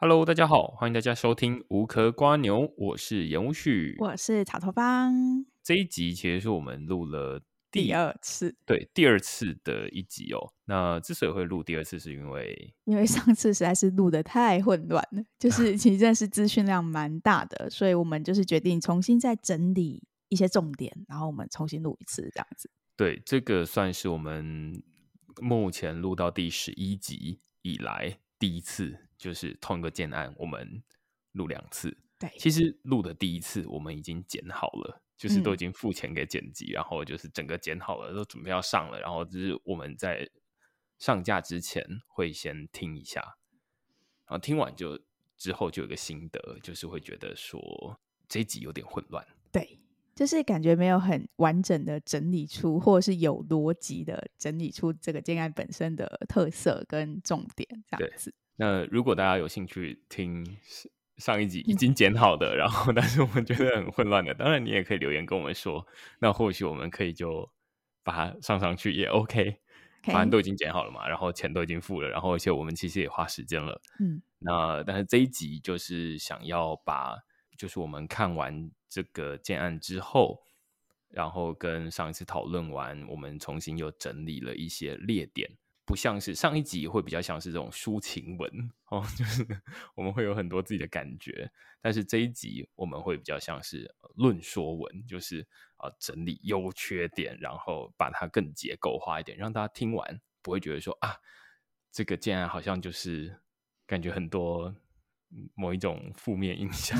Hello，大家好，歡迎大家收聽《無殼蝸牛》，我是言無旭，我是草頭方。這一集其實是我們錄了第，第二次，對，第二次的一集哦、喔。那之所以會錄第二次，是因為因為上次實在是錄得太混亂了、嗯，就是其實真的是資訊量蠻大的， 所以我們就是決定重新再整理一些重點，然後我們重新錄一次，這樣子。對，這個算是我們目前錄到第十一集以來第一次。就是同一個建案，我們錄兩次。對，其實錄的第一次我們已經剪好了，嗯、就是都已經付錢給剪輯，然後就是整個剪好了，都準備要上了。然後就是我們在上架之前會先聽一下，然後聽完就之後就有個心得，就是會覺得說這一集有點混亂。對，就是感覺沒有很完整的整理出，或者是有邏輯的整理出這個建案本身的特色跟重點這樣子。對那如果大家有興趣聽上一集已經剪好的，嗯、然後但是我們覺得很混亂的，當然你也可以留言跟我們說，那或許我們可以就把它上上去也 OK，完、okay. 反正都已經剪好了嘛，然後錢都已經付了，然後而且我們其實也花時間了，嗯，那但是這一集就是想要把就是我們看完這個建案之後，然後跟上一次討論完，我們重新又整理了一些列點。不像是上一集會比較像是這種抒情文哦，就是我們會有很多自己的感覺，但是這一集我們會比較像是論說文，就是啊整理優缺點，然後把它更結構化一點，讓大家聽完不會覺得說啊這個建案好像就是感覺很多某一種負面印象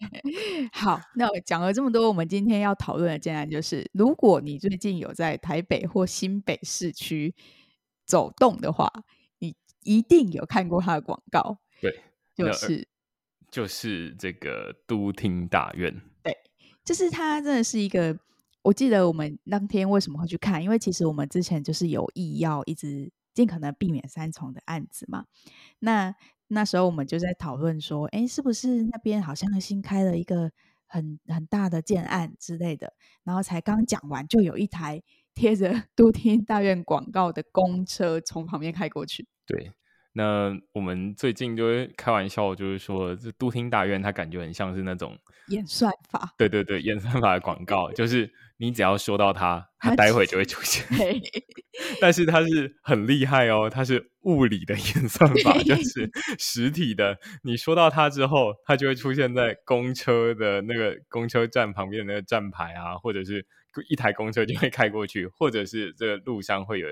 好，那我講了這麼多，我們今天要討論的建案就是，如果你最近有在台北或新北市區。走動的話，你一定有看過他的廣告。對，就是就是這個都廳大院。對，就是他真的是一個。我記得我們當天為什麼會去看，因為其實我們之前就是有意要一直盡可能避免三重的案子嘛。那那時候我們就在討論說，哎，是不是那邊好像新開了一個很很大的建案之類的？然後才剛講完，就有一台。貼着都廳大院廣告的公車從旁邊開過去。對，那我們最近就是開玩笑，就是說這都廳大院，它感覺很像是那種演算法。對對對，演算法的廣告， 就是你只要說到它，它待會就會出現。是但是它是很厲害哦，它是物理的演算法，就是實體的。你說到它之後，它就會出現在公車的那個公車站旁邊的那個站牌啊，或者是。一台公車就會開過去，或者是這個路上會有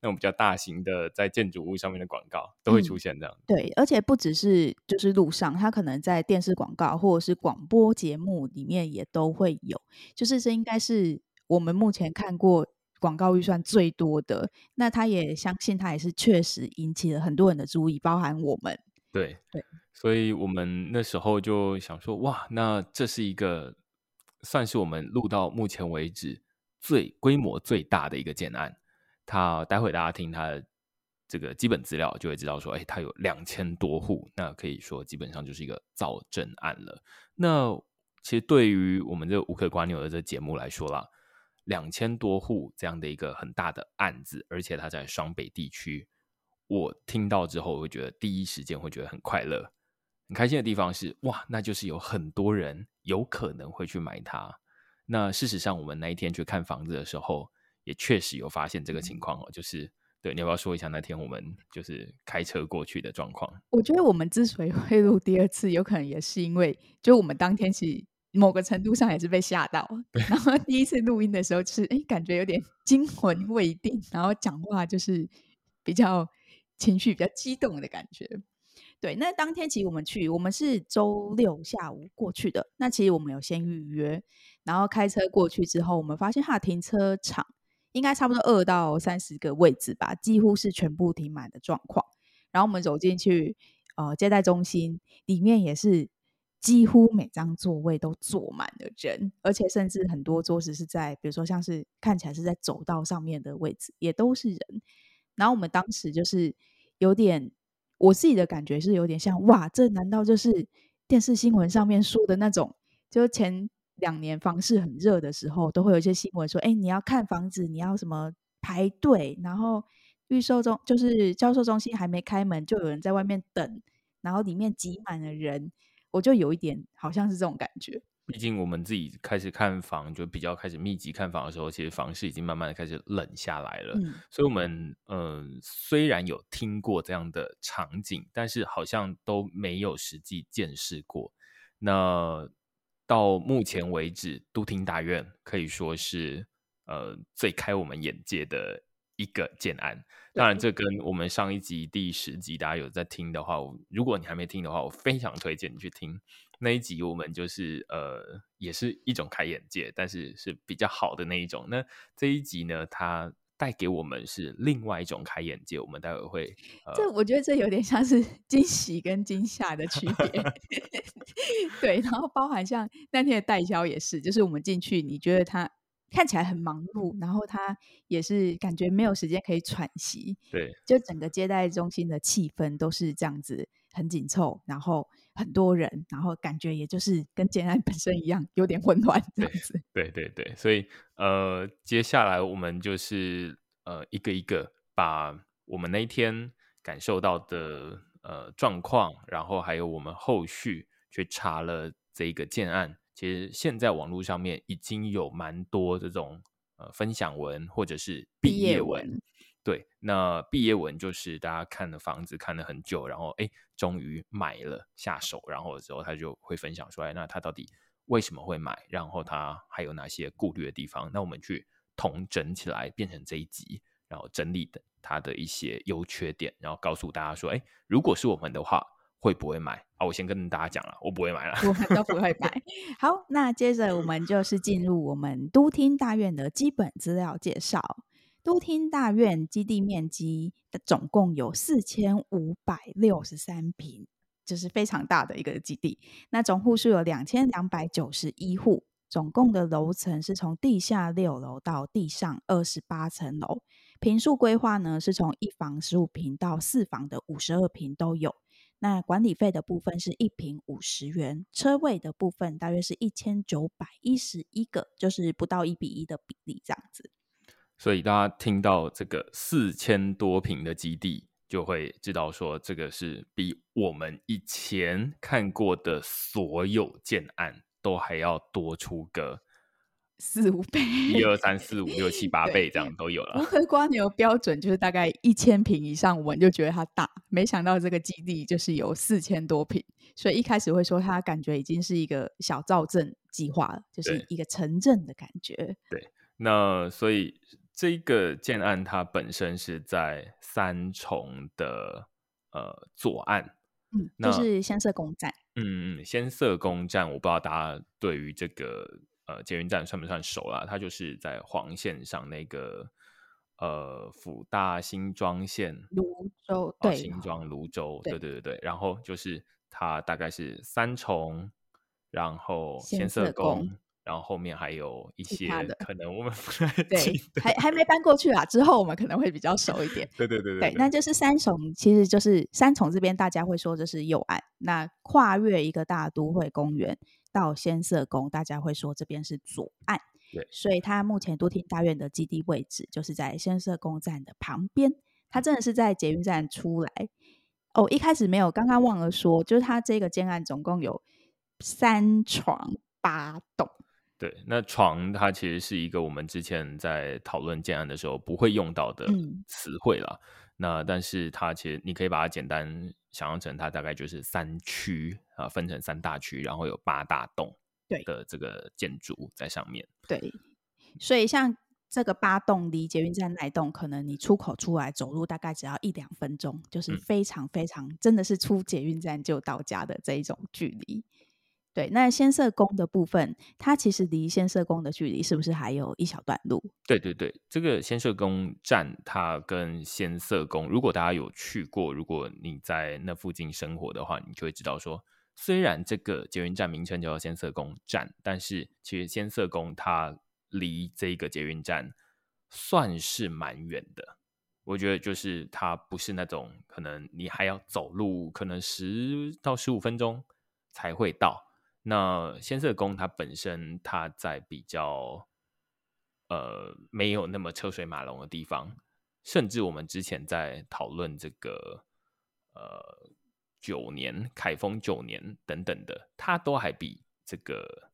那種比較大型的在建築物上面的廣告都會出現這樣。嗯。對，而且不只是就是路上，他可能在電視廣告或者是廣播節目裡面也都會有。就是這應該是我們目前看過廣告預算最多的。那他也相信，他也是確實引起了很多人的注意，包含我們。對對，所以我們那時候就想說，哇，那這是一個。算是我們錄到目前為止最規模最大的一個建案，它待會大家聽它的這個基本資料就會知道說，說哎，它有兩千多戶，那可以說基本上就是一個造鎮案了。那其實對於我們這個無可掛念的這個節目來說啦，兩千多戶這樣的一個很大的案子，而且它在雙北地區，我聽到之後，我會覺得第一時間會覺得很快樂、很開心的地方是哇，那就是有很多人。有可能會去買它。那事實上，我們那一天去看房子的時候，也確實有發現這個情況哦。就是，對，你要不要說一下那天我們就是開車過去的狀況？我覺得我們之所以會錄第二次，有可能也是因為，就我們當天是某個程度上也是被嚇到。對。然後第一次錄音的時候，就是，哎，感覺有點驚魂未定，然後講話就是比較情緒比較激動的感覺。對，那當天其實我們去，我們是周六下午過去的。那其實我們有先預約，然後開車過去之後，我們發現他的停車場應該差不多二到三十個位置吧，幾乎是全部停滿的狀況。然後我們走進去，呃，接待中心裡面也是幾乎每張座位都坐滿了人，而且甚至很多桌子是在，比如說像是看起來是在走道上面的位置，也都是人。然後我們當時就是有點。我自己的感覺是有點像，哇，這難道就是電視新聞上面說的那種？就前兩年房市很熱的時候，都會有一些新聞說，哎，你要看房子，你要什麼排隊，然後預售中，就是銷售中心還沒開門，就有人在外面等，然後裡面擠滿了人，我就有一點好像是這種感覺。畢竟我們自己開始看房，就比較開始密集看房的時候，其實房市已經慢慢的開始冷下來了。嗯、所以我們嗯、呃、雖然有聽過這樣的場景，但是好像都沒有實際見識過。那到目前為止，都廳大院可以說是呃最開我們眼界的一個建案。當然，這跟我們上一集第十集大家有在聽的話，如果你還沒聽的話，我非常推薦你去聽。那一集我們就是呃，也是一種開眼界，但是是比較好的那一種。那這一集呢，它帶給我們是另外一種開眼界。我們待會會，呃，這我覺得這有點像是驚喜跟驚嚇的區別。 對，然後包含像那天的代銷也是，就是我們進去，你覺得他看起來很忙碌，然後他也是感覺沒有時間可以喘息，對，就整個接待中心的氣氛都是這樣子。很緊湊，然後很多人，然後感覺也就是跟建案本身一樣，有點混亂，對對對，所以呃，接下來我們就是呃一個一個把我們那一天感受到的呃狀況，然後還有我們後續去查了這個建案，其實現在網絡上面已經有蠻多這種呃分享文或者是畢業文。對，那畢業文就是大家看了房子看了很久，然後哎，終於買了下手，然後之後他就會分享出來，那他到底為什麼會買？然後他還有哪些顧慮的地方？那我們去統整起來，變成這一集，然後整理他的一些優缺點，然後告訴大家說，哎，如果是我們的話，會不會買？啊，我先跟大家講了，我不會買了，我們都不會買。 好，那接着我們就是進入我們都廳大院的基本資料介紹。都廳大院基地面積的總共有四千五百六十三坪，就是非常大的一個基地。那總戶數有兩千兩百九十一戶，總共的樓層是從地下六樓到地上二十八層樓。坪數規劃呢，是從一房十五坪到四房的五十二坪都有。那管理費的部分是一坪五十元，車位的部分大約是一千九百一十一個，就是不到一比一的比例這樣子。所以大家聽到這個四千多坪的基地，就會知道說這個是比我們以前看過的所有建案都還要多出個 1, 四五倍，一二三四五六七八倍這樣都有了。我們觀牛標準就是大概一千坪以上，我們就覺得它大。沒想到這個基地就是有四千多坪，所以一開始會說它感覺已經是一個小造鎮計劃了，就是一個城鎮的感覺。對，那所以。這個建案它本身是在三重的呃左岸，嗯，那就是先嗇宮站，嗯嗯，先嗇宮站，我不知道大家對於這個呃捷運站算不算熟啦？它就是在黃線上那個呃輔大新莊線，蘆洲、哦、對，新莊蘆洲，對對對對，然後就是它大概是三重，然後先嗇宮。然後後面還有一些可能，我們不太對還還沒搬過去啊。之後我們可能會比較熟一點。 對，對對對對，那就是三重，其實就是三重這邊大家會說這是右岸，那跨越一個大都會公園到先嗇宮，大家會說這邊是左岸。對，所以它目前都廳大院的基地位置就是在先嗇宮站的旁邊，它真的是在捷運站出來哦。一開始沒有，剛剛忘了說，就是它這個建案總共有三幢八棟。對，那床它其實是一個我們之前在討論建案的時候不會用到的詞彙啦、嗯。那但是它其實你可以把它簡單想象成，它大概就是三區啊，分成三大區，然後有八大棟，對的這個建築在上面。對，對所以像這個八棟離捷運站哪棟，可能你出口出來走路大概只要一兩分鐘，就是非常非常、嗯、真的是出捷運站就到家的這一種距離。對，那先嗇宮的部分，它其實離先嗇宮的距離是不是還有一小段路？對對對，這個先嗇宮站，它跟先嗇宮，如果大家有去過，如果你在那附近生活的話，你就會知道說，雖然這個捷運站名稱叫做先嗇宮站，但是其實先嗇宮它離這個捷運站算是蠻遠的。我覺得就是它不是那種可能你還要走路，可能十到十五分鐘才會到。那先嗇宮它本身它在比較呃沒有那麼車水馬龍的地方，甚至我們之前在討論這個呃九年、開封九年等等的，它都還比這個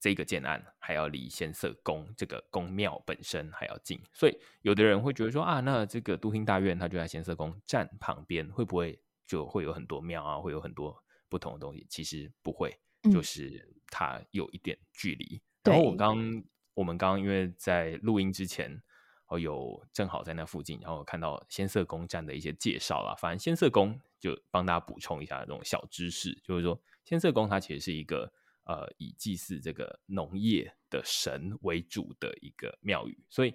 這個建案還要離先嗇宮這個宮廟本身還要近，所以有的人會覺得說啊，那這個都廳大院它就在先嗇宮站旁邊，會不會就會有很多廟啊，會有很多不同的東西？其實不會。嗯、就是它有一點距離。然後我剛，我們剛剛因為在錄音之前，哦，有正好在那附近，然後看到先嗇宮站的一些介紹了。反正先嗇宮就幫大家補充一下這種小知識，就是說先嗇宮它其實是一個呃以祭祀這個農業的神為主的一個廟宇，所以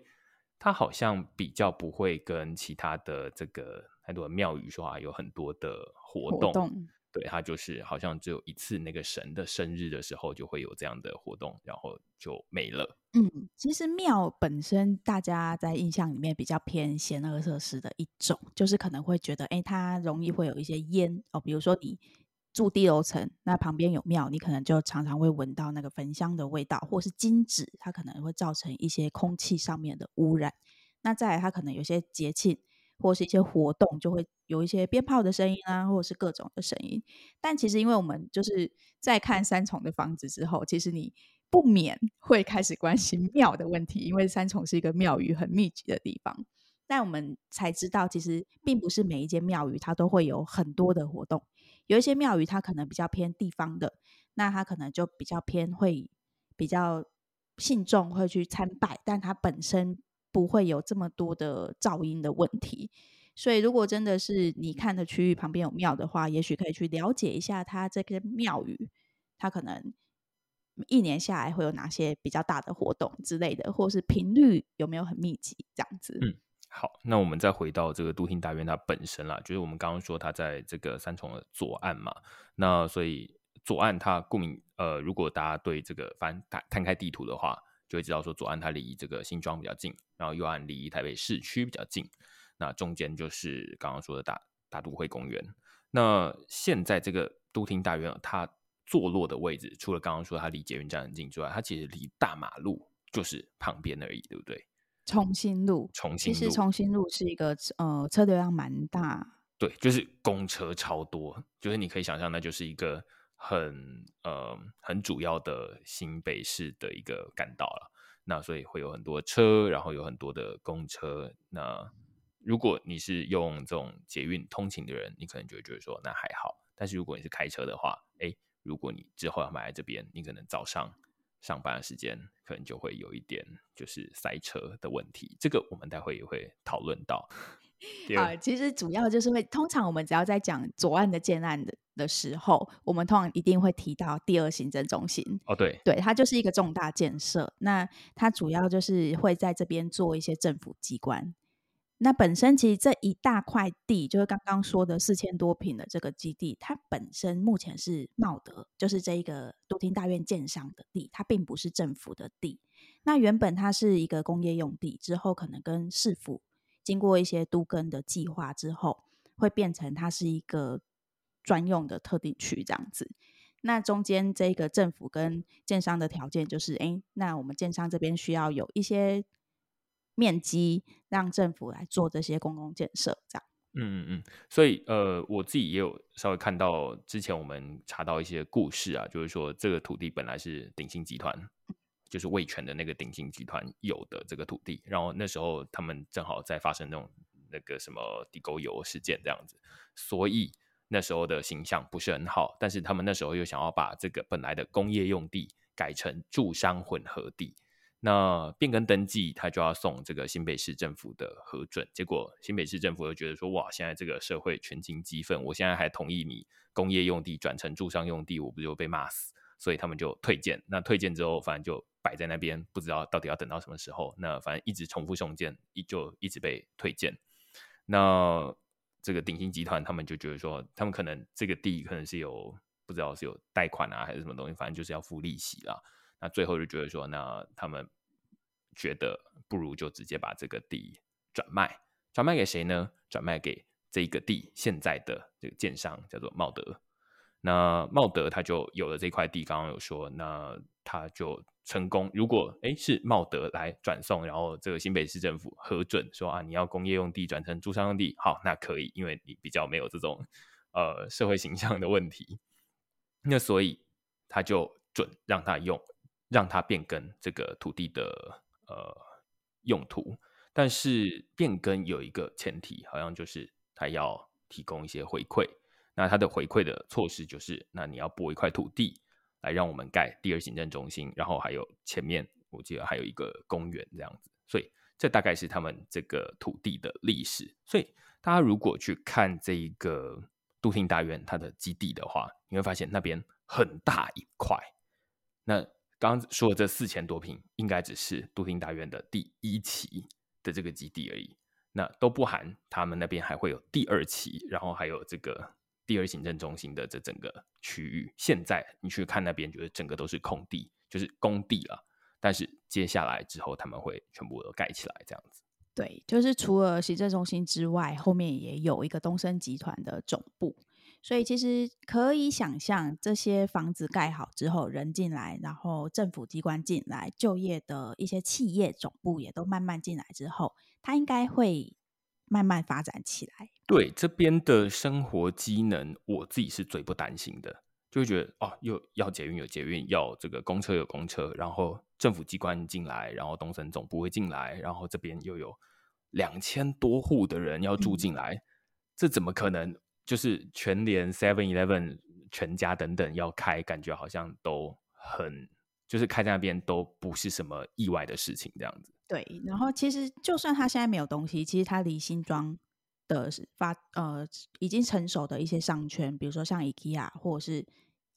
它好像比較不會跟其他的這個很多廟宇說啊有很多的活動。對，它就是好像只有一次那個神的生日的時候就會有這樣的活動，然後就沒了。嗯，其實廟本身，大家在印象裡面比較偏嫌惡設施的一種，就是可能會覺得，哎，它容易會有一些煙哦，比如說你住低樓層，那旁邊有廟，你可能就常常會聞到那個焚香的味道，或是金紙，它可能會造成一些空氣上面的污染。那再來，它可能有些節慶或是一些活動，就會有一些鞭炮的聲音啊，或者是各種的聲音。但其實，因為我們就是在看三重的房子之後，其實你不免會開始關心廟的問題，因為三重是一個廟宇很密集的地方。那我們才知道，其實並不是每一間廟宇它都會有很多的活動，有一些廟宇它可能比較偏地方的，那它可能就比較偏會比較信眾會去參拜，但它本身。不會有這麼多的噪音的問題，所以如果真的是你看的區域旁邊有廟的話，也許可以去了解一下它這個廟宇，它可能一年下來會有哪些比較大的活動之類的，或是頻率有沒有很密集這樣子。嗯，好，那我們再回到這個都廳大院它本身啦，就是我們剛剛說它在這個三重的左岸嘛，那所以左岸它顧名呃，如果大家對這個翻，打攤開地圖的話。就會知道說，左岸它離這個新莊比較近，然後右岸離台北市區比較近。那中間就是剛剛說的大大都會公園。那現在這個都廳大院它，哦，坐落的位置，除了剛剛說它離捷運站很近之外，它其實離大馬路就是旁邊而已，對不對？重新路，重新路其實重新路是一個呃車流量蠻大，對，就是公車超多，就是你可以想象那就是一個，很呃，很主要的新北市的一個幹道了。那所以會有很多車，然後有很多的公車。那如果你是用這種捷運通勤的人，你可能就會覺得說那還好。但是如果你是開車的話，哎，如果你之後要買來這邊，你可能早上上班的時間可能就會有一點就是塞車的問題。這個我們待會也會討論到。對，啊，呃，其實主要就是因為通常我們只要在講左岸的建案的。的時候，我們通常一定會提到第二行政中心哦，對，對，它就是一個重大建設。那它主要就是會在這邊做一些政府機關。那本身其實這一大塊地，就是剛剛說的四千多坪的這個基地，它本身目前是茂德，就是這一個都廳大院建商的地，它並不是政府的地。那原本它是一個工業用地，之後可能跟市府經過一些都更的計劃之後，會變成它是一個。專用的特定區這樣子，那中間這個政府跟建商的條件就是，哎、欸，那我們建商這邊需要有一些面積讓政府來做這些公共建設，這樣。嗯嗯嗯，所以呃，我自己也有稍微看到之前我們查到一些故事啊，就是說這個土地本來是頂新集團，就是味全的那個頂新集團有的這個土地，然後那時候他們正好在發生那種那個什麼地溝油事件這樣子，所以。那時候的形象不是很好，但是他們那時候又想要把這個本來的工業用地改成住商混合地，那變更登記他就要送這個新北市政府的核准，結果新北市政府又覺得說哇，現在這個社會群情激憤，我現在還同意你工業用地轉成住商用地，我不就被罵死，所以他們就退件。那退件之後，反正就擺在那邊，不知道到底要等到什麼時候。那反正一直重複送件，一就一直被退件。那，這個鼎鑫集團，他們就覺得說，他們可能這個地可能是有不知道是有貸款啊，還是什麼東西，反正就是要付利息了。那最後就覺得說，那他們覺得不如就直接把這個地轉賣，轉賣給誰呢？轉賣給這個地現在的這個建商，叫做茂德。那茂德他就有了這塊地，剛剛有說，那他就。成功，如果哎，是茂德來轉送，然後這個新北市政府核准說，啊，你要工業用地轉成住商用地，好，那可以，因為你比較沒有這種呃社會形象的問題，那所以他就准讓他用，讓他變更這個土地的呃用途，但是變更有一個前提，好像就是他要提供一些回饋，那他的回饋的措施就是，那你要撥一塊土地。來讓我們蓋第二行政中心，然後還有前面，我記得還有一個公園這樣子，所以這大概是他們這個土地的歷史。所以大家如果去看這一個都廳大院它的基地的話，你會發現那邊很大一塊。那剛剛說的這四千多坪，應該只是都廳大院的第一期的這個基地而已，那都不含他們那邊還會有第二期，然後還有這個。第二行政中心的這整個區域，現在你去看那邊，覺得整個都是空地，就是工地了。但是接下來之後，他們會全部都蓋起來，這樣子。對，就是除了行政中心之外，後面也有一個東升集團的總部，所以其實可以想象，這些房子蓋好之後，人進來，然後政府機關進來，就業的一些企業總部也都慢慢進來之後，它應該會。慢慢發展起來。對，這邊的生活機能，我自己是最不擔心的，就會覺得哦，又要捷運有捷運，要這個公車有公車，然後政府機關進來，然後東森總部會進來，然後這邊又有兩千多戶的人要住進來，嗯，這怎麼可能？就是全聯 Seven Eleven、全家等等要開，感覺好像都很，就是開在那邊都不是什麼意外的事情，這樣子。對，然後其實就算他現在沒有東西，其實他離新莊的發呃已經成熟的一些商圈，比如說像 IKEA 或者是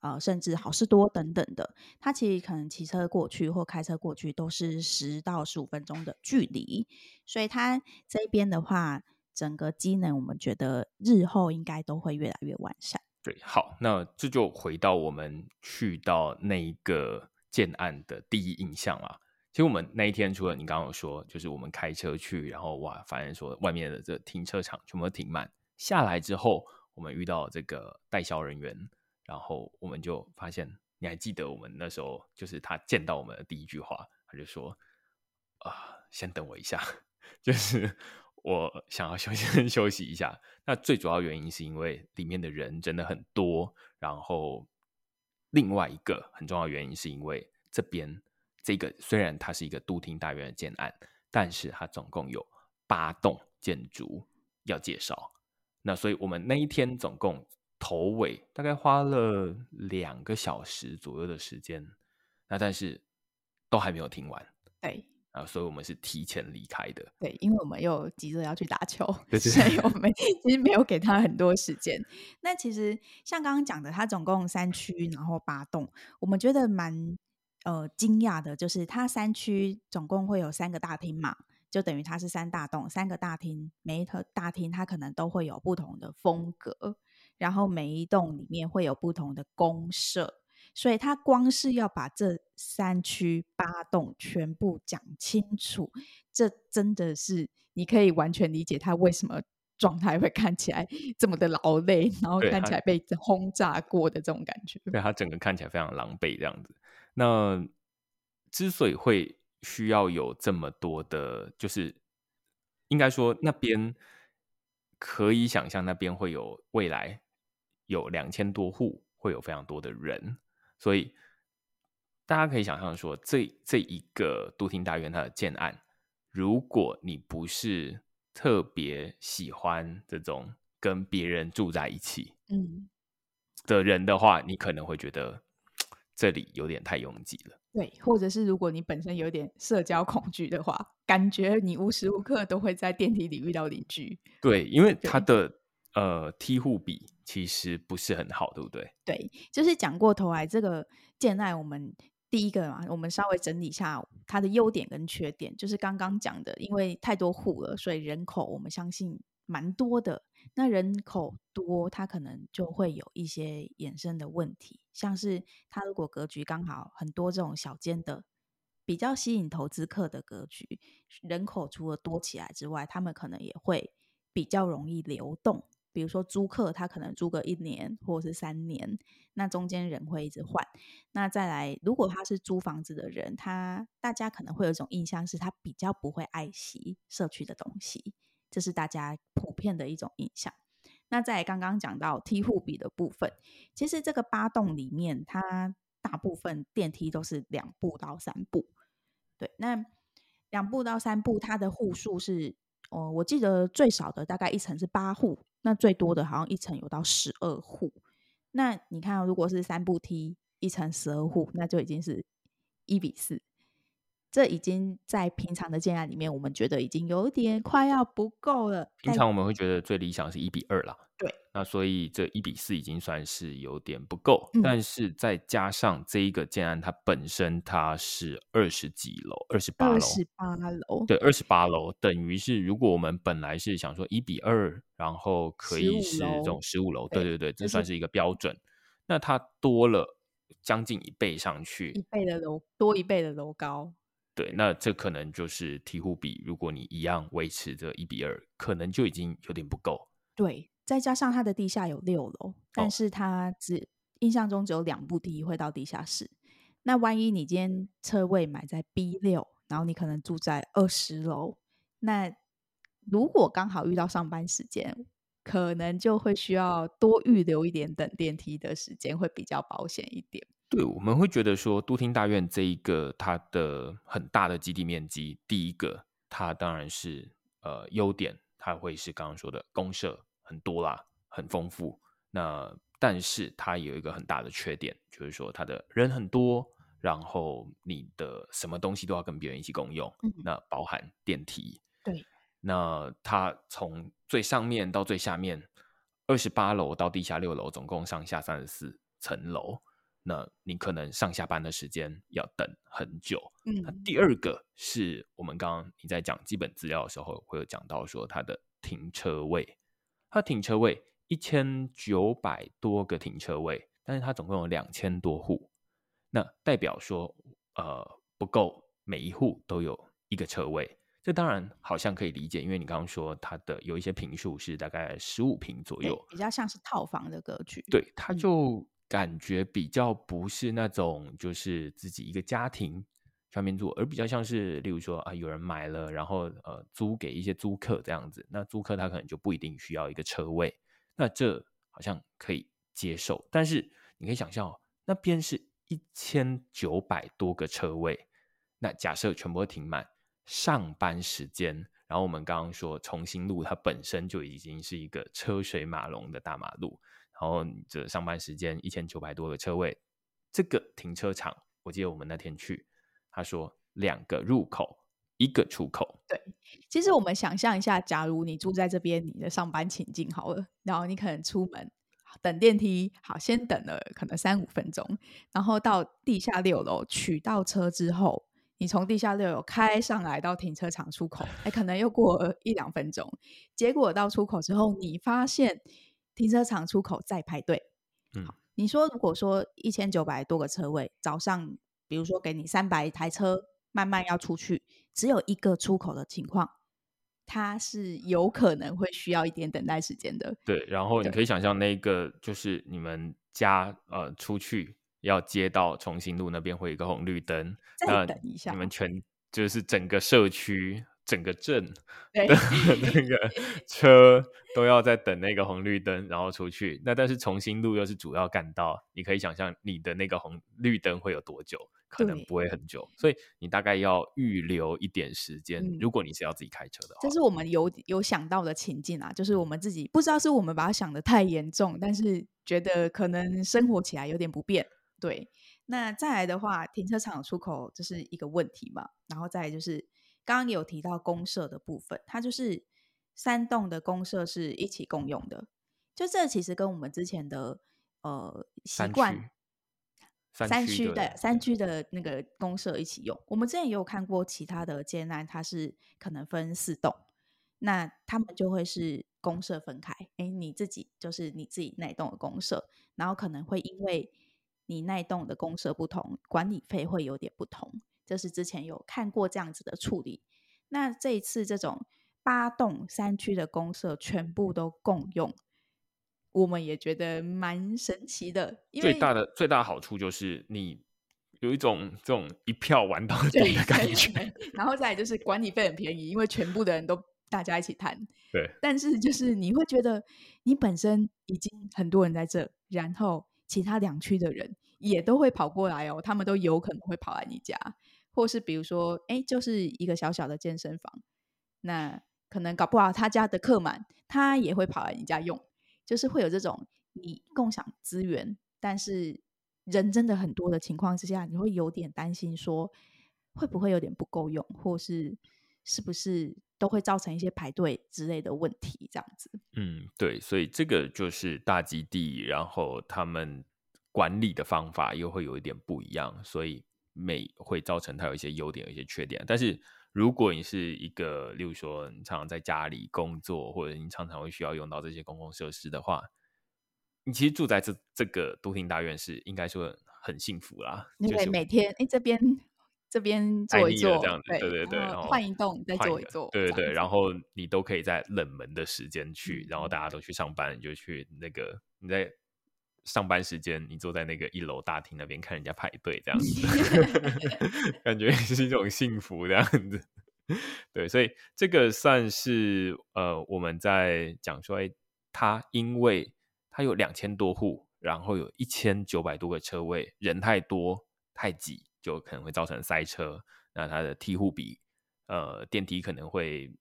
呃甚至好事多等等的，他其實可能騎車過去或開車過去都是十到十五分鐘的距離，所以他這邊的話，整個機能我們覺得日後應該都會越來越完善。對，好，那這就回到我們去到那一個建案的第一印象了。其實我們那一天，除了你剛剛有說，就是我們開車去，然後哇，發現說外面的這停車場全部都停滿。下來之後，我們遇到這個代銷人員，然後我們就發現，你還記得我們那時候，就是他見到我們的第一句話，他就說：“啊、呃，先等我一下，就是我想要休息休息一下。”那最主要原因是因為裡面的人真的很多，然後另外一個很重要原因是因為這邊。這個雖然它是一個都廳大院的建案，但是它總共有八棟建築要介紹。那所以我們那一天總共頭尾大概花了兩個小時左右的時間。那但是都還沒有聽完。對啊，所以我們是提前離開的。對，因為我們又急着要去打球， 所以我們其實沒有給他很多時間。那其實像剛剛講的，它總共三區，然後八棟，我們覺得蠻。呃，驚訝的就是它三區總共會有三個大廳嘛，就等於它是三大棟，三個大廳，每一套大廳它可能都會有不同的風格，然後每一棟裡面會有不同的公設，所以他光是要把這三區八棟全部講清楚，這真的是你可以完全理解他為什麼狀態會看起來這麼的勞累，然後看起來被轟炸過的這種感覺。對，他，對他整個看起來非常狼狽這樣子。那之所以會需要有這麼多的，就是應該說那邊可以想象，那邊會有未來有兩千多戶，會有非常多的人，所以大家可以想象說這，這這一個都廳大院它的建案，如果你不是特別喜歡這種跟別人住在一起，嗯，的人的話，嗯，你可能會覺得。這裡有點太擁擠了，對，或者是如果你本身有點社交恐懼的話，感覺你無時無刻都會在電梯裡遇到鄰居。對，因為它的呃梯戶比其實不是很好，對不對？對，就是講過頭來，這個建案我們第一個嘛，我們稍微整理一下它的優點跟缺點，就是剛剛講的，因為太多戶了，所以人口我們相信。蠻多的，那人口多，他可能就會有一些衍生的問題，像是他如果格局剛好很多這種小間的，比較吸引投資客的格局，人口除了多起來之外，他們可能也會比較容易流動，比如說租客他可能租個一年或者是三年，那中間人會一直換，那再來如果他是租房子的人，他大家可能會有一種印象是他比較不會愛惜社區的東西。這是大家普遍的一種印象。那在剛剛講到梯戶比的部分，其實這個八棟裡面，它，大部分電梯都是兩部到三部。對，那兩部到三部，它的戶數是，哦，我記得最少的大概一層是八戶，那最多的好像一層有到十二戶。那你看，哦，如果是三部梯，一層十二戶，那就已經是一比四。這已經在平常的建案裡面，我們覺得已經有點快要不夠了。嗯、平常我們會覺得最理想是一比二啦。對，那所以這一比四已經算是有點不夠。嗯、但是再加上這一個建案，它本身它是二十幾樓，二十八樓。二十八樓。對，二十八樓、嗯、等於是如果我們本來是想說一比二，然後可以是這種十五樓。十五樓。對對對，對，這算是一個標準。那它多了將近一倍上去。一倍的樓，多一倍的樓高。對，那這可能就是梯戶比。如果你一樣維持着一比二，可能就已經有點不夠。對，再加上它的地下有六樓，但是它只、哦、印象中只有兩部電梯會到地下室。那萬一你今天車位買在 B 六，然後你可能住在二十樓，那如果剛好遇到上班時間，可能就會需要多預留一點等電梯的時間，會比較保險一點。對，我們會覺得說，都廳大院這一個它的很大的基地面積，第一個它當然是呃優點，它會是剛剛說的公設很多啦，很豐富。那但是它有一個很大的缺點，就是說它的人很多，然後你的什麼東西都要跟別人一起共用，嗯、那包含電梯。對，那它從最上面到最下面，二十八樓到地下六樓，總共上下三十四層樓。那你可能上下班的時間要等很久。嗯。那第二個是我們剛剛你在講基本資料的時候，會有講到說它的停車位，它停車位一千九百多個停車位，但是它總共有兩千多戶，那代表說呃不夠每一戶都有一個車位。這當然好像可以理解，因為你剛剛說它的有一些坪數是大概十五坪左右，比較像是套房的格局。對，它就。嗯感覺比較不是那種，就是自己一個家庭上面住，而比較像是，例如說啊，有人買了，然後呃租給一些租客這樣子，那租客他可能就不一定需要一個車位，那這好像可以接受。但是你可以想象哦，那邊是一千九百多個車位，那假設全部都停滿，上班時間，然後我們剛剛說重新路，它本身就已經是一個車水馬龍的大馬路。然後這上班時間一千九百多個車位，這個停車場，我記得我們那天去，他說兩個入口，一個出口。對，其實我們想象一下，假如你住在這邊，你的上班情境好了，然後你可能出門等電梯，好，先等了可能三五分鐘，然後到地下六樓取到車之後，你從地下六樓開上來到停車場出口，哎，可能又過了一兩分鐘，結果到出口之後，你發現。停車場出口在排隊。嗯好，你說如果說一千九百多個車位，早上比如說給你三百台車慢慢要出去，只有一個出口的情況，它是有可能會需要一點等待時間的。對，然後你可以想象那個就是你們家呃出去要接到重新路那邊會有一個紅綠燈，再等一下，呃、你們全就是整個社區。整個鎮，對 那個車都要在等那個紅綠燈，然後出去。那但是重新路又是主要幹道，你可以想象你的那個紅綠燈會有多久，可能不會很久，所以你大概要預留一點時間。嗯、如果你是要自己開車的話，這是我們有有想到的情境啊，就是我們自己不知道是我們把它想得太嚴重，但是覺得可能生活起來有點不便。對，那再來的話，停車場出口這是一個問題嘛，然後再來就是。剛剛有提到公社的部分，它就是三棟的公社是一起共用的。就這其實跟我們之前的呃習慣，三區的，三區的那個公社一起用。我們之前也有看過其他的建案，它是可能分四棟，那他們就會是公社分開。誒，你自己就是你自己那一棟的公社，然後可能會因為你那一棟的公社不同，管理費會有點不同。.這、就是之前有看過這樣子的處理，那這一次這種八棟三區的公設全部都共用，我們也覺得蠻神奇的。最大的最大的好處就是你有一種這種一票玩到底的，的感覺，然後再來就是管理費很便宜， 因為全部的人都大家一起攤對，但是就是你會覺得你本身已經很多人在這，然後其他兩區的人也都會跑過來哦，他們都有可能會跑來你家。或是比如說，哎、欸，就是一個小小的健身房，那可能搞不好他家的客滿，他也會跑來你家用，就是會有這種你共享資源，但是人真的很多的情況之下，你會有點擔心說會不會有點不夠用，或是是不是都會造成一些排隊之類的問題，這樣子。嗯，對，所以這個就是大基地，然後他們管理的方法又會有一點不一樣，所以。每會造成它有一些優點，有一些缺點。但是如果你是一個，例如說你常常在家裡工作，或者你常常會需要用到這些公共設施的話，你其實住在這這個都廳大院是應該說很幸福啦。就是、你為每天哎這邊這邊坐一坐這樣子，對對對，然後換一棟再坐一坐一，對對對，然後你都可以在冷門的時間去，嗯、然後大家都去上班，你就去那個你在。上班時間，你坐在那個一樓大廳那邊看人家排隊這樣子， 感覺是一種幸福的樣子。對，所以這個算是呃，我們在講說，誒，它因為它有兩千多戶，然後有一千九百多個車位，人太多太擠，就可能會造成塞車。那它的梯戶比，呃，電梯可能會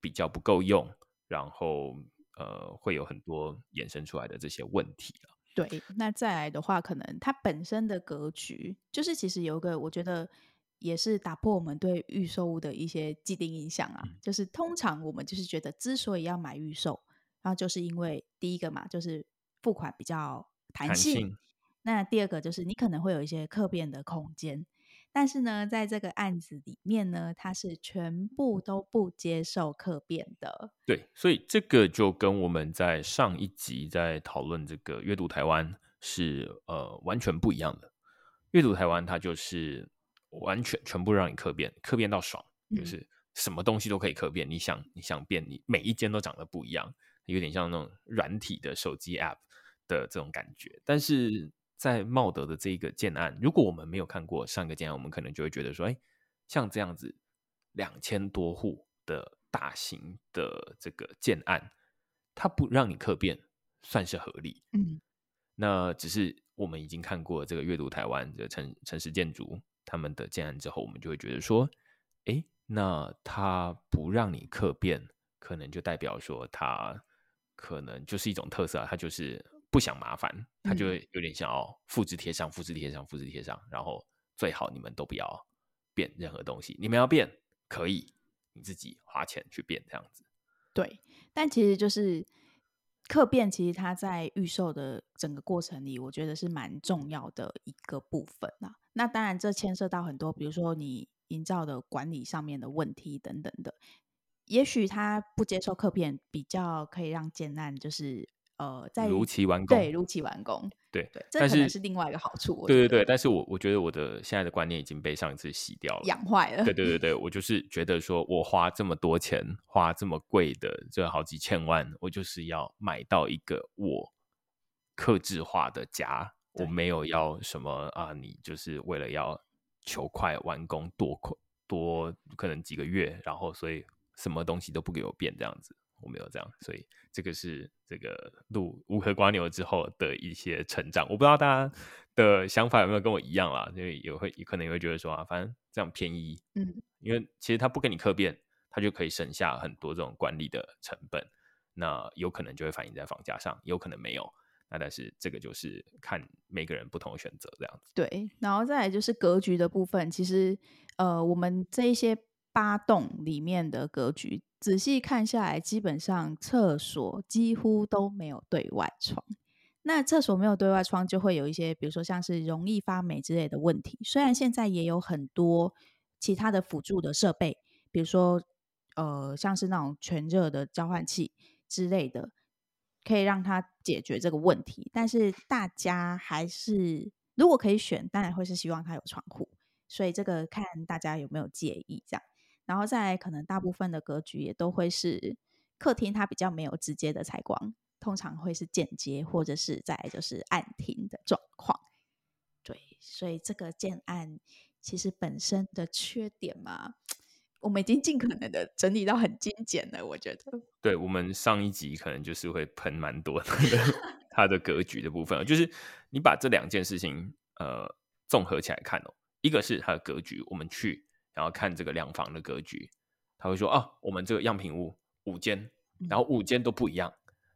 比較不夠用，然後呃，會有很多衍生出來的這些問題了對，那再來的話，可能它本身的格局就是，其實有一個，我覺得也是打破我們對預售物的一些既定印象啊，嗯。就是通常我們就是覺得，之所以要買預售，然後就是因為第一個嘛，就是付款比較彈性；彈性。那第二個就是你可能會有一些客變的空間。但是呢，在這個案子裡面呢，他是全部都不接受客變的。對，所以這個就跟我們在上一集在討論這個閱讀台灣是呃完全不一樣的。閱讀台灣它就是完全全部讓你客變，客變到爽，就是什麼東西都可以客變、嗯、你想你想變，你每一間都長得不一樣，有點像那種軟體的手機 App 的這種感覺。但是在茂德的這一個建案，如果我們沒有看過上個建案，我們可能就會覺得說，哎，像這樣子兩千多戶的大型的這個建案，它不讓你客變，算是合理。嗯。那只是我們已經看過這個閱讀台灣的城城市建築，他們的建案之後，我們就會覺得說，哎，那它不讓你客變，可能就代表說它可能就是一種特色啊，它就是。不想麻煩，他就會有點想要、哦、複製貼上，複製貼上，複製貼上、上，然後最好你們都不要變任何東西。你們要變，可以你自己花錢去變這樣子。對，但其實就是客變，課其實它在預售的整個過程裡，我覺得是蠻重要的一個部分、啊、那當然，這牽涉到很多，比如說你營造的管理上面的問題等等的。也許他不接受客變，比較可以讓建案就是。呃，在如期完工，對，對如期完工，對對，這是是另外一個好處。對對對，但是我我覺得我的現在的觀念已經被上一次洗掉了，養壞了。對對對對，我就是覺得說我花這麼多錢， 花這麼貴的，這好幾千萬，我就是要買到一個我客製化的家，我沒有要什麼啊，你就是為了要求快完工多，多快多可能幾個月，然後所以什麼東西都不給我變這樣子。我沒有這樣，所以這個是這個路，無殼蝸牛之後的一些成長。我不知道大家的想法有沒有跟我一樣啦，因為也會有可能也會覺得說啊，反正這樣便宜，嗯，因為其實他不跟你客變，他就可以省下很多這種管理的成本。那有可能就會反映在房價上，有可能沒有。那但是這個就是看每個人不同的選擇，這樣子。對，然後再來就是格局的部分，其實呃，我們這一些。八棟裡面的格局仔細看下來，基本上廁所幾乎都沒有對外窗。那廁所沒有對外窗，就會有一些，比如說像是容易發霉之類的問題。雖然現在也有很多其他的輔助的設備，比如說呃像是那種全熱的交換器之類的，可以讓它解決這個問題。但是大家還是如果可以選，當然會是希望它有窗戶。所以這個看大家有沒有介意這樣。然後在可能大部分的格局也都會是客廳，它比較沒有直接的採光，通常會是間接，或者是在就是暗廳的狀況。對，所以這個建案其實本身的缺點嘛，我們已經尽可能的整理到很精簡了。我覺得，對我們上一集可能就是會噴蠻多的它的, 的格局的部分。就是你把這兩件事情呃綜合起來看哦，一個是它的格局，我們去。然後看這個兩房的格局，他會說：“啊，我們這個樣品屋五間，然後五間都不一樣。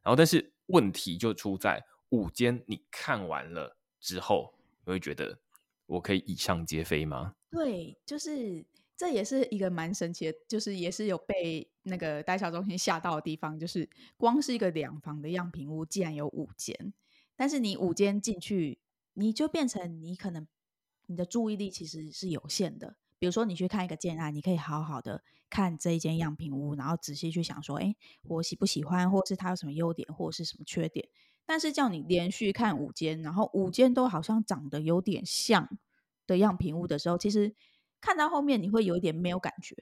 然後，但是問題就出在五間，你看完了之後，你會覺得我可以以上皆非嗎？”對，就是這也是一個蠻神奇的，就是也是有被那個代銷中心嚇到的地方，就是光是一個兩房的樣品屋竟然有五間，但是你五間進去，你就變成你可能你的注意力其實是有限的。比如說，你去看一個建案，你可以好好的看這一間樣品屋，然後仔細去想說，哎，我喜不喜歡，或是它有什麼優點，或者是什麼缺點。但是叫你連續看五間，然後五間都好像長得有點像的樣品屋的時候，其實看到後面你會有一點沒有感覺，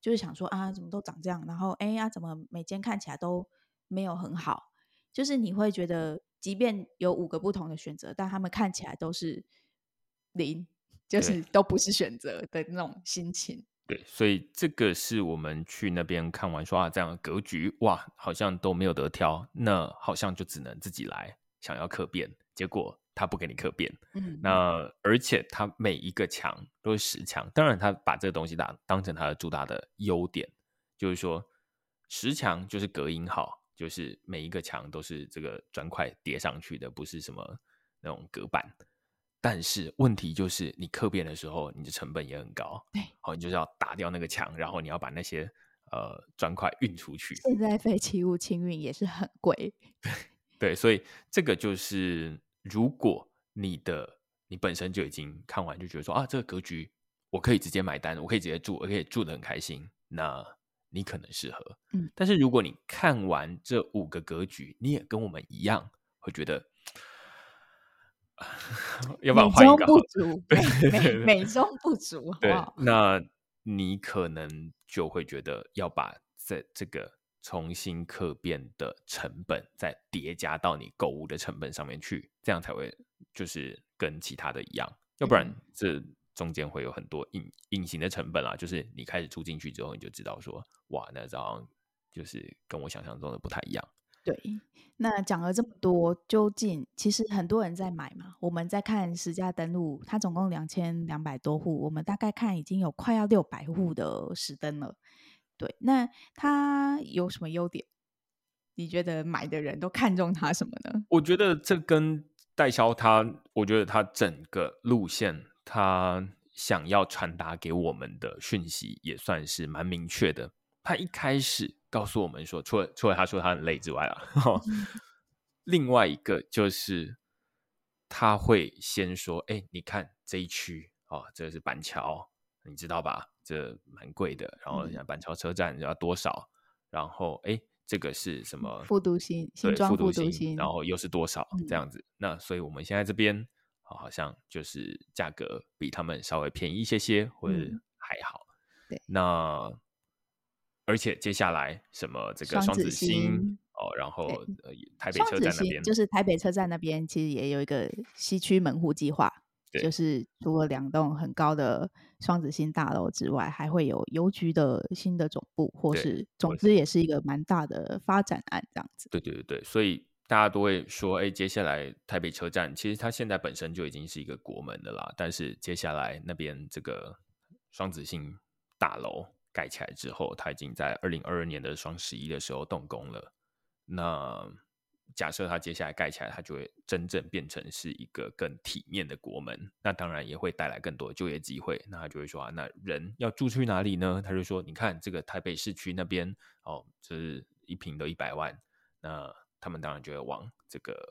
就是想說啊，怎麼都長這樣，然後哎呀、啊，怎麼每間看起來都沒有很好，就是你會覺得，即便有五個不同的選擇，但他們看起來都是零。就是都不是選擇的那種心情。對。對，所以這個是我們去那邊看完說啊，這樣的格局哇，好像都沒有得挑，那好像就只能自己來想要客變，結果他不給你客變。嗯，那而且他每一個牆都是實牆，當然他把這個東西打當成他的主打的優點，就是說實牆就是隔音好，就是每一個牆都是這個磚塊疊上去的，不是什麼那種隔板。但是問題就是，你客變的時候，你的成本也很高。對，好，你就是要打掉那個牆，然後你要把那些呃磚塊運出去。現在廢棄物清運也是很貴。對。對，所以這個就是，如果你的你本身就已經看完，就覺得說啊，這個格局我可以直接買單，我可以直接住，我可以住得很開心，那你可能適合。嗯，但是如果你看完這五個格局，你也跟我們一樣會覺得。 要不然美中不足， 美，美中不足，對，那你可能就會覺得要把在這，這個重新客變的成本再疊加到你購物的成本上面去，這樣才會就是跟其他的一樣，要不然這中間會有很多隱隱形的成本啊，就是你開始住進去之後，你就知道說，哇，那這樣就是跟我想象中的不太一樣。對，那講了這麼多，究竟其實很多人在買嘛？我們在看實價登錄，它總共兩千兩百多戶，我們大概看已經有快要六百戶的實登了。對，那他有什麼優點？你覺得買的人都看中他什麼呢？我覺得這跟代銷他，他我覺得他整個路線，他想要傳達給我們的訊息也算是蠻明確的。他一開始。告訴我們說，除了除了他說他很累之外啊，哦嗯、另外一個就是他會先說：“哎，你看這一區啊、哦，這是板橋，你知道吧？這蠻貴的。然後板橋車站要多少？嗯、然後哎，這個是什麼副都心？對，新莊副都心？然後又是多少、嗯、這樣子？那所以我們現在這邊、哦、好像就是價格比他們稍微便宜一些些，或者是還好。嗯、對那。而且接下來什麼這個雙子星，雙子星哦，然後、呃、台北車站那邊，就是台北車站那邊其實也有一個西區門戶計劃。對，就是除了兩棟很高的雙子星大樓之外，還會有郵局的新的總部，或是總之也是一個蠻大的發展案這樣子。對對對，對，所以大家都會說，哎，接下來台北車站其實它現在本身就已經是一個國門的啦，但是接下來那邊這個雙子星大樓。蓋起來之後，他已經在二零二二年的雙十一的時候動工了。那假設他接下來蓋起來，他就會真正變成是一個更體面的國門。那當然也會帶來更多的就業機會。那他就會說啊，那人要住去哪裡呢？他就說，你看這個台北市區那邊哦，這、就是、一坪都一百萬。那他們當然就會往這個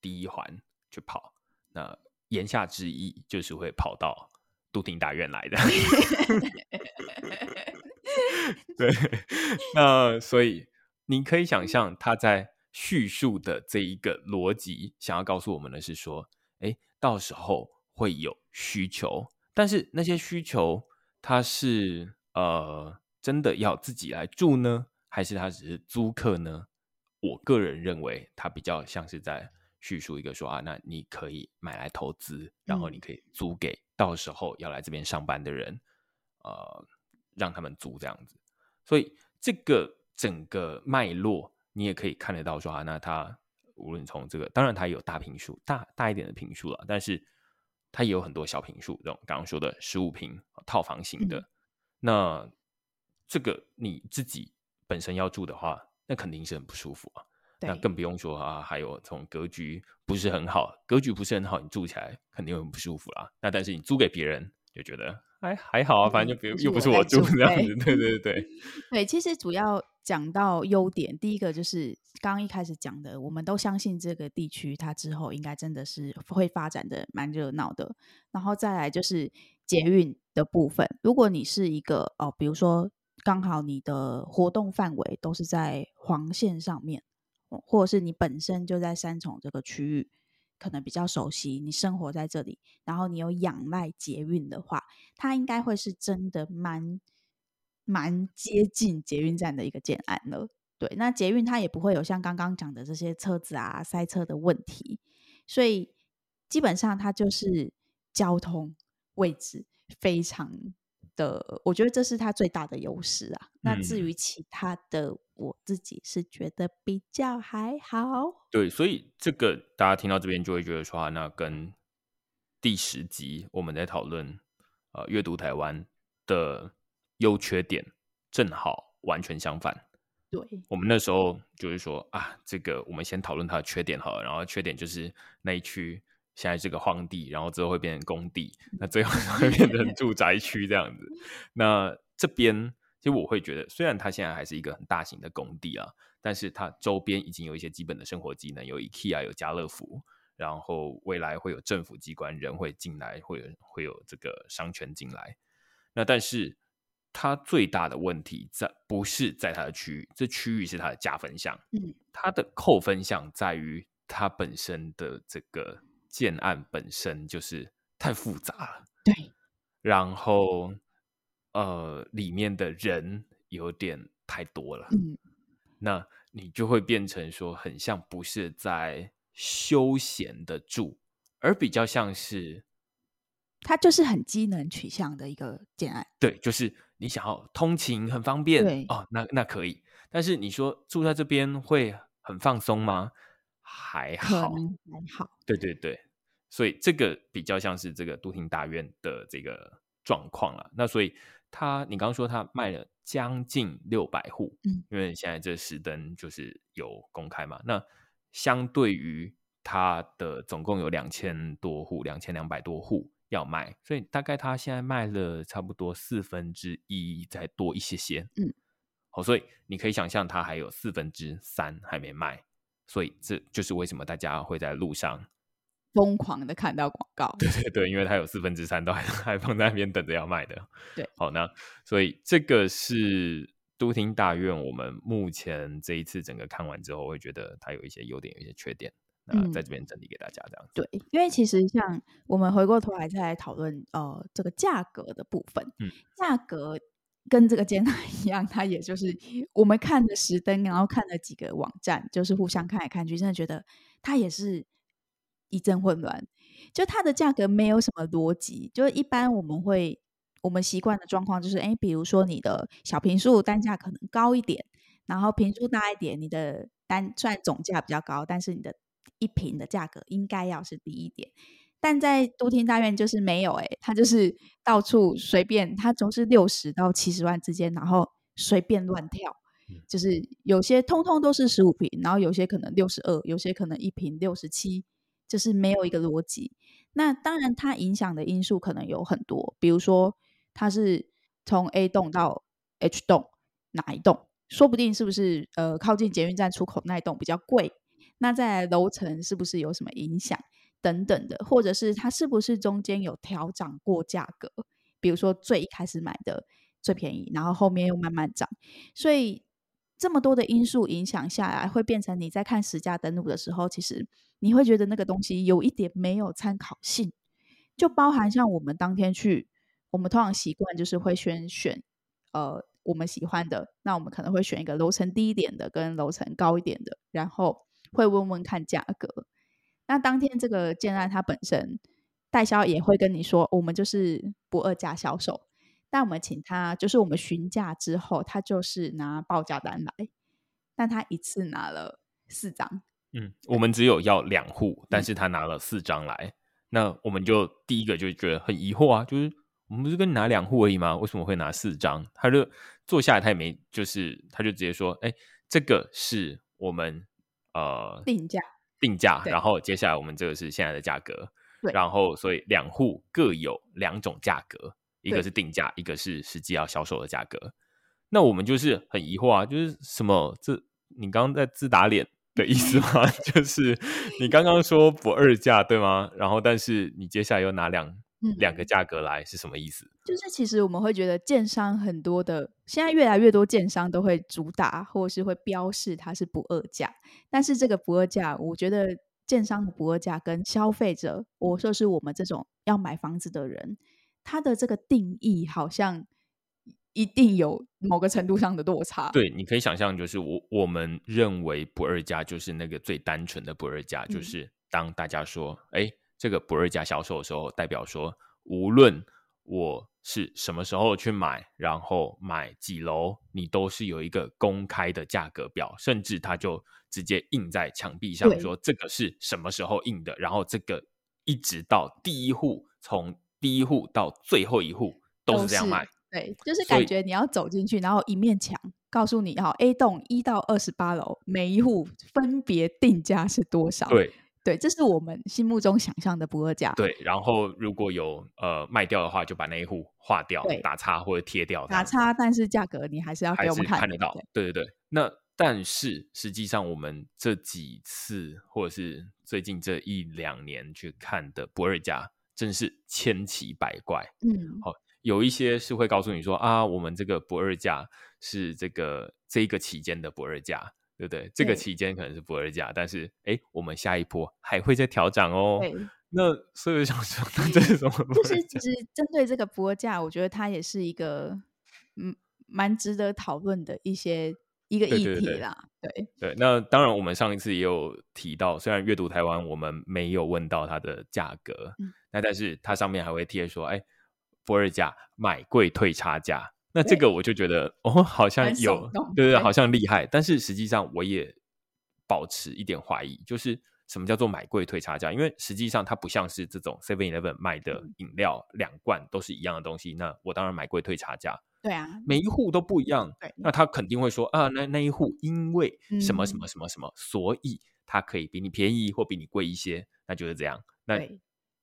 第一環去跑。那言下之意就是會跑到都廳大院來的。 對，那所以你可以想象，他在敘述的這一個邏輯，想要告訴我們的是說，哎，到時候會有需求，但是那些需求，他是呃真的要自己來住呢，還是他只是租客呢？我個人認為，他比較像是在敘述一個說啊，那你可以買來投資，然後你可以租給到時候要來這邊上班的人，嗯、呃。讓他們租這樣子，所以這個整個脈絡你也可以看得到，說啊，那它無論從這個，當然它也有大坪數，大大一點的坪數了，但是它也有很多小坪數，這種剛剛說的十五坪套房型的。那這個你自己本身要住的話，那肯定是很不舒服啊。那更不用說啊，還有從格局不是很好，格局不是很好，你住起來肯定很不舒服啦。那但是你租給別人。就覺得還還好啊，反正又不，又不是我住這樣子，對對對對,對。其實主要講到優點，第一個就是剛剛一開始講的，我們都相信這個地區它之後應該真的是會發展的蠻熱鬧的。然後再來就是捷運的部分，如果你是一個哦，比如說剛好你的活動範圍都是在黃線上面，或者是你本身就在三重這個區域。可能比較熟悉，你生活在這裡，然後你有仰賴捷運的話，它應該會是真的蠻蠻接近捷運站的一個建案了。對，那捷運它也不會有像剛剛講的這些車子啊、塞車的問題，所以基本上它就是交通位置非常的，我覺得這是它最大的優勢啊。那至於其他的。我自己是覺得比較還好，對，所以這個大家聽到這邊就會覺得說、啊，那跟第十集我們在討論呃閱讀台灣的優缺點正好完全相反。對，我們那時候就是說啊，這個我們先討論它的缺點好了，然後缺點就是那一區現在這個荒地，然後之後會變成工地，嗯、那最後就會變成住宅區這樣子。 那這邊。就我會覺得，雖然它現在還是一個很大型的工地啊，但是它周邊已經有一些基本的生活機能，有 IKEA，有家樂福，然後未來會有政府機關人會進來，會會有這個商圈進來。那但是它最大的問題在不是在它的區域，這區域是它的加分項，它的扣分項在於它本身的這個建案本身就是太複雜了，對，然後。呃，裡面的人有點太多了，嗯，那你就會變成說很像不是在休閒的住，而比較像是它就是很機能取向的一個建案，對，就是你想要通勤很方便，對，哦，那那可以，但是你說住在這邊會很放鬆嗎？還好，還好，對對對，所以這個比較像是這個都廳大院的這個狀況了，那所以。他，你剛剛說他賣了將近六百戶，嗯，因為現在這實登就是有公開嘛，那相對於他的總共有兩千多戶，兩千兩百多戶要賣，所以大概他現在賣了差不多四分之一再多一些些，嗯，好、哦，所以你可以想象他還有四分之三還沒賣，所以這就是為什麼大家會在路上。瘋狂的看到廣告，對對對，因為它有四分之三都還還放在那邊等着要賣的。對，好，那所以這個是都廳大院，我們目前這一次整個看完之後，會覺得它有一些優點，有一些缺點，嗯。那在這邊整理給大家，這樣子對，因為其實像我們回過頭來再來討論，呃，這個價格的部分，嗯，價格跟這個煎蛋一樣，它也就是我們看的實登，然後看了幾個網站，就是互相看來看去，真的覺得它也是，一陣混亂，就它的價格沒有什麼邏輯。就是一般我們會我們習慣的狀況就是，哎、欸，比如說你的小坪數單價可能高一點，然後坪數大一點，你的單雖然總價比較高，但是你的一坪的價格應該要是低一點。但在都廳大院就是沒有、欸，誒，它就是到處隨便，它總是六十到七十萬之間，然後隨便亂跳，就是有些通通都是十五坪，然後有些可能六十二，有些可能一坪六十七。就是沒有一個邏輯。那當然，它影響的因素可能有很多，比如說它是從 A 棟到 H 棟哪一棟，說不定是不是呃靠近捷運站出口那一棟比較貴？那在樓層是不是有什麼影響等等的？或者是它是不是中間有調漲過價格？比如說最一開始買的最便宜，然後後面又慢慢漲，所以。這麼多的因素影響下來，會變成你在看實價登錄的時候，其實你會覺得那個東西有一點沒有參考性。就包含像我們當天去，我們通常習慣就是會先選，呃，我們喜歡的，那我們可能會選一個樓層低一點的跟樓層高一點的，然後會問問看價格。那當天這個建案它本身代銷也會跟你說，我們就是不二價銷售。那我們請他，就是我們詢價之後，他就是拿報價單來。但他一次拿了四張。嗯，我們只有要兩戶，但是他拿了四張來，嗯。那我們就第一個就覺得很疑惑啊，就是我們不是跟你拿兩戶而已嗎？為什麼會拿四張？他就坐下來，他也沒就是，他就直接說：“哎，欸，這個是我們呃定價定價，然後接下來我們這個是現在的價格對，然後所以兩戶各有兩種價格。”一個是定價，一個是實際要銷售的價格。那我們就是很疑惑啊，就是什麼？這你剛剛在自打臉的意思嗎？ 就是你剛剛說不二價對嗎？然後，但是你接下來又拿兩 兩個價格來，是什麼意思？就是其實我們會覺得，建商很多的，現在越來越多建商都會主打，或是會標示它是不二價。但是這個不二價，我覺得建商的不二價跟消費者，我說是我們這種要買房子的人。它的這個定義好像一定有某個程度上的落差。嗯、對，你可以想象，就是我我們認為不二價就是那個最單純的不二價，就是當大家說“哎、嗯，這個不二價銷售”的時候，代表說無論我是什麼時候去買，然後買幾樓，你都是有一個公開的價格表，甚至它就直接印在牆壁上說，說這個是什麼時候印的，然後這個一直到第一戶從。第一戶到最後一戶都是這樣賣，就是、對，就是感覺你要走進去，然後一面牆告訴你哈，A 棟一到二十八樓每一戶分別定價是多少。對對，這是我們心目中想象的不二價。對，然後如果有呃賣掉的話，就把那一戶劃掉，打叉或者貼掉，打叉，但是價格你還是要給我們看，看得到。對對對，對對對，那但是實際上我們這幾次或者是最近這一兩年去看的不二價，真是千奇百怪，嗯，好、哦，有一些是會告訴你說啊，我們這個不二價是這個這個期間的不二價，對不對,對？這個期間可能是不二價，但是哎，我們下一波還會再調整哦。那所以我想說，那這是什麼？就是其實針對這個不二價，我覺得它也是一個嗯，蠻值得討論的一些一個議題啦。對對,對,對,對,對,對，那當然我們上一次也有提到，雖然閱讀台灣，我們沒有問到它的價格。嗯那但是它上面還會貼說，哎，不二價，買貴退差價。那這個我就覺得，哦，好像有，對不對？好像厲害。但是實際上我也保持一點懷疑，就是什麼叫做買貴退差價？因為實際上它不像是這種 Seven Eleven 賣的飲料、嗯，兩罐都是一樣的東西。那我當然買貴退差價。對啊，每一戶都不一樣。那他肯定會說啊，那那一戶因為什麼什麼什麼什麼、什麼，嗯，所以它可以比你便宜或比你貴一些。那就是這樣。那對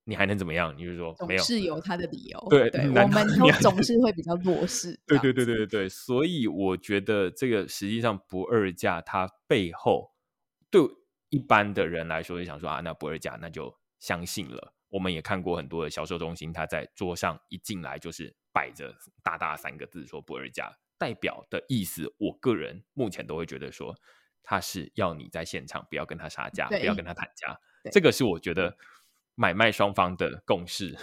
你還能怎麼樣？你就說沒有？總是有他的理由。對對，我們都總是會比較弱勢。 對對對對對,對所以我覺得這個實際上不二價，它背後對一般的人來說，就想說啊，那不二價，那就相信了。我們也看過很多的銷售中心，他在桌上一進來就是擺着“大大”三個字，說不二價，代表的意思，我個人目前都會覺得說，他是要你在現場不要跟他殺價，不要跟他砍價。這個是我覺得。買賣雙方的共識，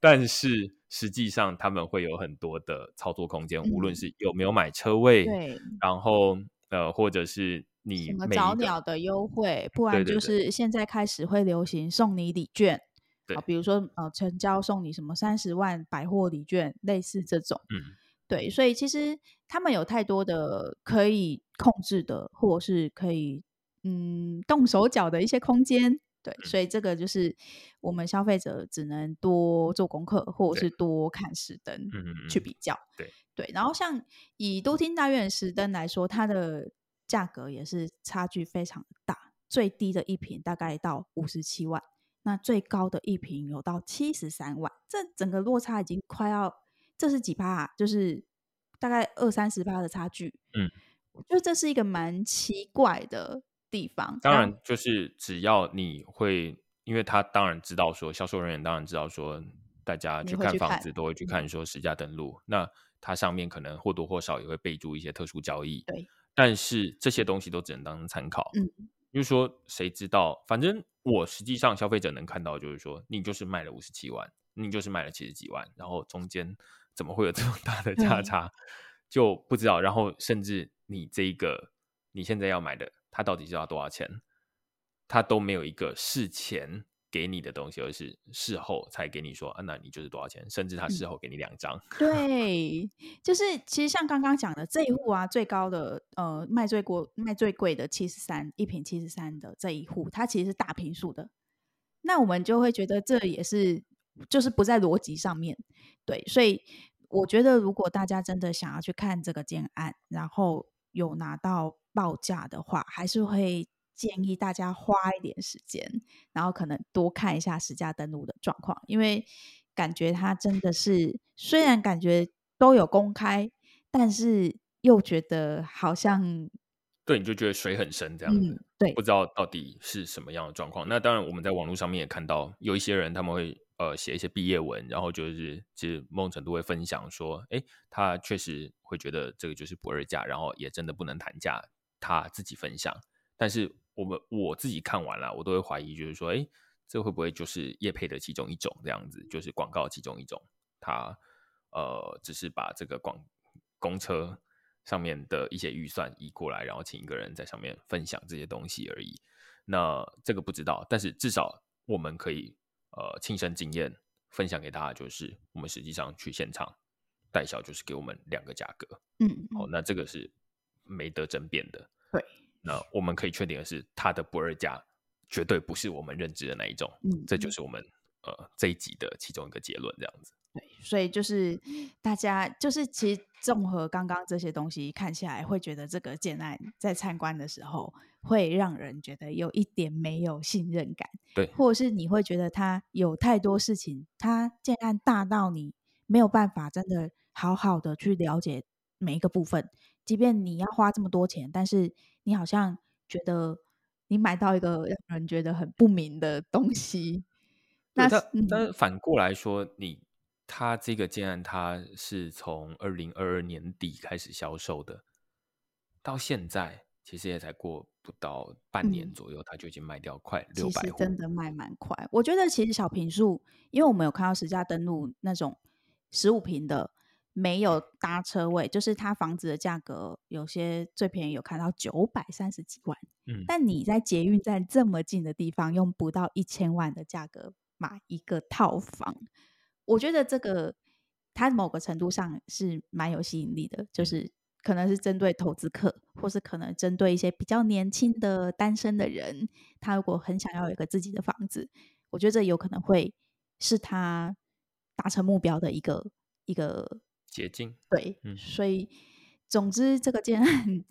但是實際上他們會有很多的操作空間，嗯，無論是有沒有買車位，對，然後呃，或者是你什麼早鳥的優惠，不然就是現在開始會流行送你禮券，對，對，對，好，比如說呃成交送你什麼三十萬百貨禮券，類似這種，嗯，對，所以其實他們有太多的可以控制的，或者是可以嗯動手腳的一些空間。對，所以這個就是我們消費者只能多做功課，或者是多看實登去比較。對嗯嗯對，對，然後像以都廳大院實登來說，它的價格也是差距非常大，最低的一坪大概到五十七萬，嗯，那最高的一坪有到七十三萬，這整個落差已經快要這是幾趴？啊，就是大概二三十趴的差距。嗯，就這是一個蠻奇怪的。地方當然就是，只要你會，因為他當然知道說，銷售人員當然知道說，大家去看房子都會去看說實價登錄，那它上面可能或多或少也會備註一些特殊交易，對。但是這些東西都只能當參考，嗯。就是說誰知道，反正我實際上消費者能看到就是說，你就是賣了五十七萬，你就是賣了七十幾萬，然後中間怎麼會有這麼大的價差就不知道。然後甚至你這一個你現在要買的。他到底是要多少錢？他都沒有一個事前給你的東西，而是事後才給你說，啊，那你就是多少錢？甚至他事後給你兩張。嗯、對， 就是其實像剛剛講的這一戶啊，最高的呃，賣最貴賣最貴的七十三一坪，七十三的這一戶，他其實是大坪數的。那我們就會覺得這也是就是不在邏輯上面。對，所以我覺得如果大家真的想要去看這個建案，然後有拿到。報價的話，還是會建議大家花一點時間，然後可能多看一下實價登錄的狀況，因為感覺他真的是，雖然感覺都有公開，但是又覺得好像，對，你就覺得水很深這樣子、嗯，對，不知道到底是什麼樣的狀況。那當然，我們在網絡上面也看到有一些人他們會呃寫一些畢業文，然後就是其實某種程度都會分享說，哎，他確實會覺得這個就是不二價，然後也真的不能談價。他自己分享，但是我們我自己看完了，我都會懷疑，就是說，誒，這會不會就是業配的其中一種這樣子，就是廣告其中一種？他呃，只是把這個廣公車上面的一些預算移過來，然後請一個人在上面分享這些東西而已。那這個不知道，但是至少我們可以呃親身經驗分享給大家，就是我們實際上去現場代銷，就是給我們兩個價格，嗯，好，那這個是。沒得爭辯的，對。那我們可以確定的是，他的不二價絕對不是我們認知的那一種，嗯，這就是我們、呃、這一集的其中一個結論，這樣子，對。所以就是大家就是其實綜合剛剛這些東西看起來，會覺得這個建案在參觀的時候會讓人覺得有一點沒有信任感，對，或者是你會覺得他有太多事情，他建案大到你沒有辦法真的好好的去了解他，每一個部分，即便你要花這麼多錢，但是你好像覺得你買到一個讓人覺得很不明的東西。那但、嗯、但是反過來說，你他這個建案，他是從二零二二年底開始銷售的，到現在其實也才過不到半年左右，他、嗯、就已經賣掉快六百戶，其實真的賣蠻快。我覺得其實小坪數，因為我們有看到實價登錄那種十五坪的。沒有搭車位，就是他房子的價格，有些最便宜有看到九百三十幾萬。嗯，但你在捷運站這麼近的地方，用不到一千萬的價格買一個套房，我覺得這個他某個程度上是蠻有吸引力的。就是可能是針對投資客，或是可能針對一些比較年輕的單身的人，他如果很想要有一個自己的房子，我覺得這有可能會是他達成目標的一個一個。捷徑對，嗯，所以總之這個建案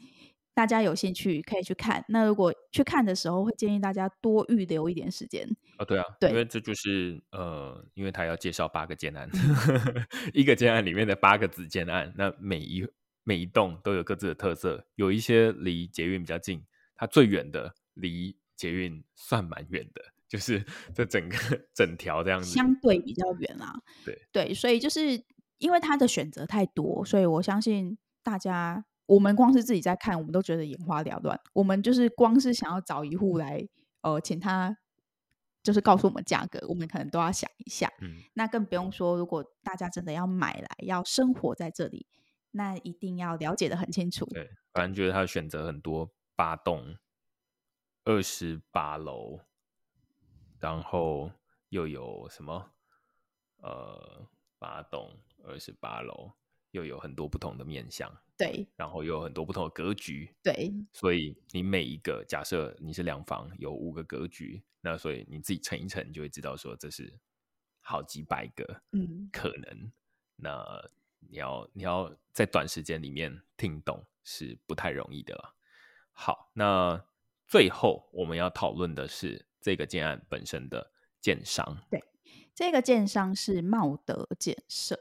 大家有興趣可以去看。那如果去看的時候，會建議大家多預留一點時間啊、哦。對啊，對，因為這就是呃，因為他要介紹八個建案， 一個建案裡面的八個子建案，那每一每一棟都有各自的特色。有一些離捷運比較近，它最遠的離捷運算蠻遠的，就是這整個整條這樣子相對比較遠啊。對對，所以就是。因為他的選擇太多，所以我相信大家，我們光是自己在看，我們都覺得眼花繚亂。我們就是光是想要找一戶來、嗯，呃，請他就是告訴我們價格，我們可能都要想一下。嗯，那更不用說，如果大家真的要買來要生活在這裡，哦、那一定要了解得很清楚。對，反正覺得他的選擇很多，八棟二十八樓，然後又有什麼呃。八棟二十八樓，又有很多不同的面向，對，然後又有很多不同的格局，對，所以你每一個假設你是兩房，有五個格局，那所以你自己乘一乘，就會知道說這是好幾百個，嗯，可能，那你要你要在短時間裡面聽懂是不太容易的。好，那最後我們要討論的是這個建案本身的建商，對。這個建商是茂德建設，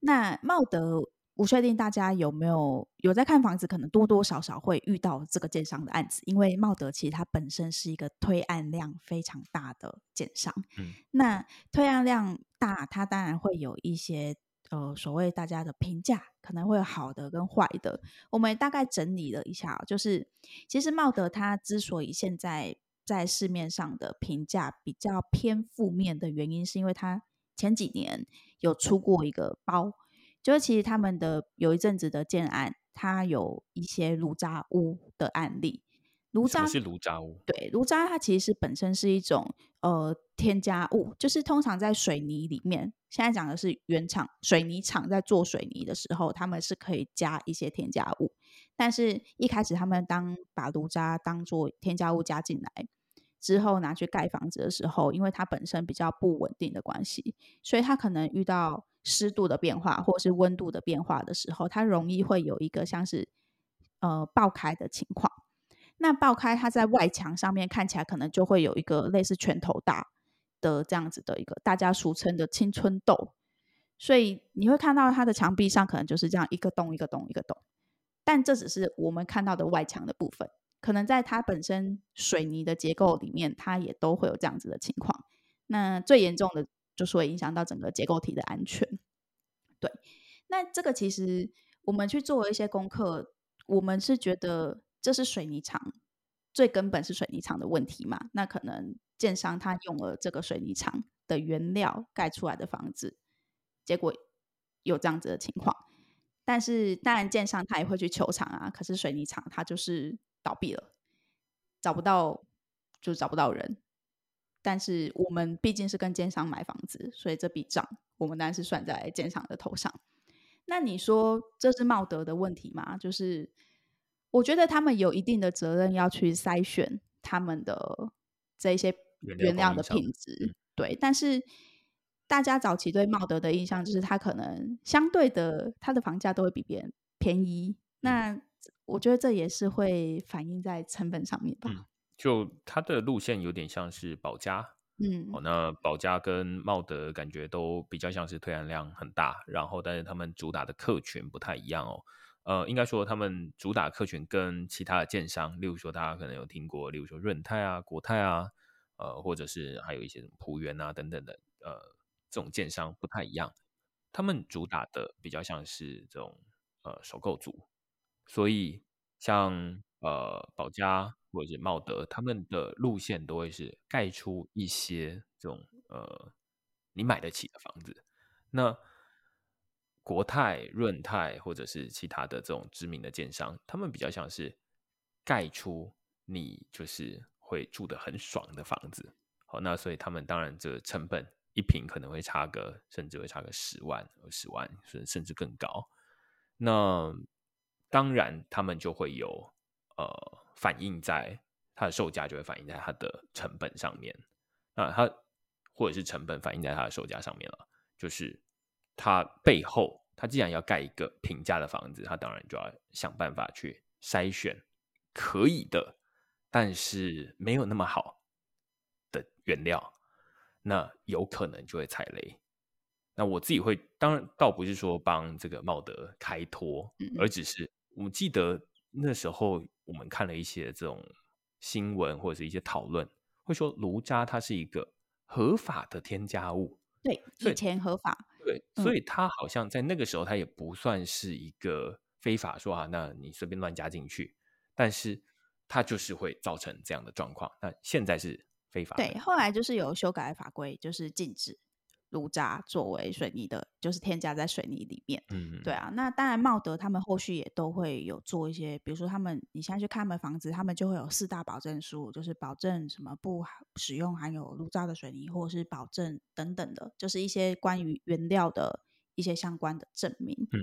那茂德，我不確定大家有沒有有在看房子，可能多多少少會遇到這個建商的案子，因為茂德其實它本身是一個推案量非常大的建商，嗯、那推案量大，它當然會有一些呃所謂大家的評價，可能會有好的跟壞的，我們大概整理了一下，就是其實茂德它之所以現在。在市面上的評價比較偏負面的原因，是因為它前幾年有出過一個包，就是其實他們的有一陣子的建案，它有一些爐渣屋的案例。爐渣是爐渣屋對爐渣，爐渣它其實本身是一種呃添加物，就是通常在水泥裡面。現在講的是原廠水泥廠在做水泥的時候，他們是可以加一些添加物，但是一開始他們當把爐渣當做添加物加進來。之後拿去蓋房子的時候，因為它本身比較不穩定的關係，所以它可能遇到濕度的變化或者是溫度的變化的時候，它容易會有一個像是呃爆開的情況。那爆開它在外牆上面看起來可能就會有一個類似拳頭大的這樣子的一個大家俗稱的青春痘，所以你會看到它的牆壁上可能就是這樣一個洞一個洞一個洞，但這只是我們看到的外牆的部分。可能在它本身水泥的結構裡面，它也都會有這樣子的情況。那最嚴重的就是會影響到整個結構體的安全。對，那這個其實我們去做一些功課，我們是覺得這是水泥廠最根本是水泥廠的問題嘛？那可能建商他用了這個水泥廠的原料蓋出來的房子，結果有這樣子的情況。但是當然建商他也會去求償啊，可是水泥廠它就是。倒閉了，找不到，就找不到人。但是我們畢竟是跟奸商買房子，所以這筆賬我們當然是算在奸商的頭上。那你說這是茂德的問題嗎？就是我覺得他們有一定的責任要去篩選他們的這些原料的品質，嗯。對，但是大家早期對茂德的印象就是他可能相對的他的房價都會比別人便宜。那我覺得這也是會反映在成本上面吧，嗯。就它的路線有點像是寶佳，嗯，哦，那寶佳跟茂德感覺都比較像是推案量很大，然後但是他們主打的客群不太一樣哦。呃，應該說他們主打客群跟其他的建商，例如說大家可能有聽過，例如說潤泰啊、國泰啊，呃，或者是還有一些什麼璞園啊等等的，呃，這種建商不太一樣，他們主打的比較像是這種呃首購族。所以像，像呃寶嘉、或者是茂德，他們的路線都會是蓋出一些這種呃你買得起的房子。那國泰潤泰或者是其他的這種知名的建商，他們比較像是蓋出你就是會住得很爽的房子。好，那所以他們當然這成本一平可能會差個，甚至會差個十萬二十萬，甚甚至更高。那當然，他們就會有呃反映在它的售價，就會反映在它的成本上面。那它或者是成本反映在它的售價上面了，就是它背後，它既然要蓋一個平價的房子，它當然就要想辦法去篩選可以的，但是沒有那麼好的原料，那有可能就會踩雷。那我自己會，當然倒不是說幫這個茂德開脫，而只是。我們記得那時候，我們看了一些這種新聞或者是一些討論，會說爐渣它是一個合法的添加物，對，以前合法，對，所以它好像在那個時候它也不算是一個非法，嗯、說啊，那你隨便亂加進去，但是它就是會造成這樣的狀況。那現在是非法，對，後來就是有修改的法規，就是禁止。爐渣作為水泥的，就是添加在水泥裡面。對啊。那當然，茂德他們後續也都會有做一些，比如說他們你現在去看他們房子，他們就會有四大保證書，就是保證什麼不使用含有爐渣的水泥，或者是保證等等的，就是一些關於原料的一些相關的證明。嗯。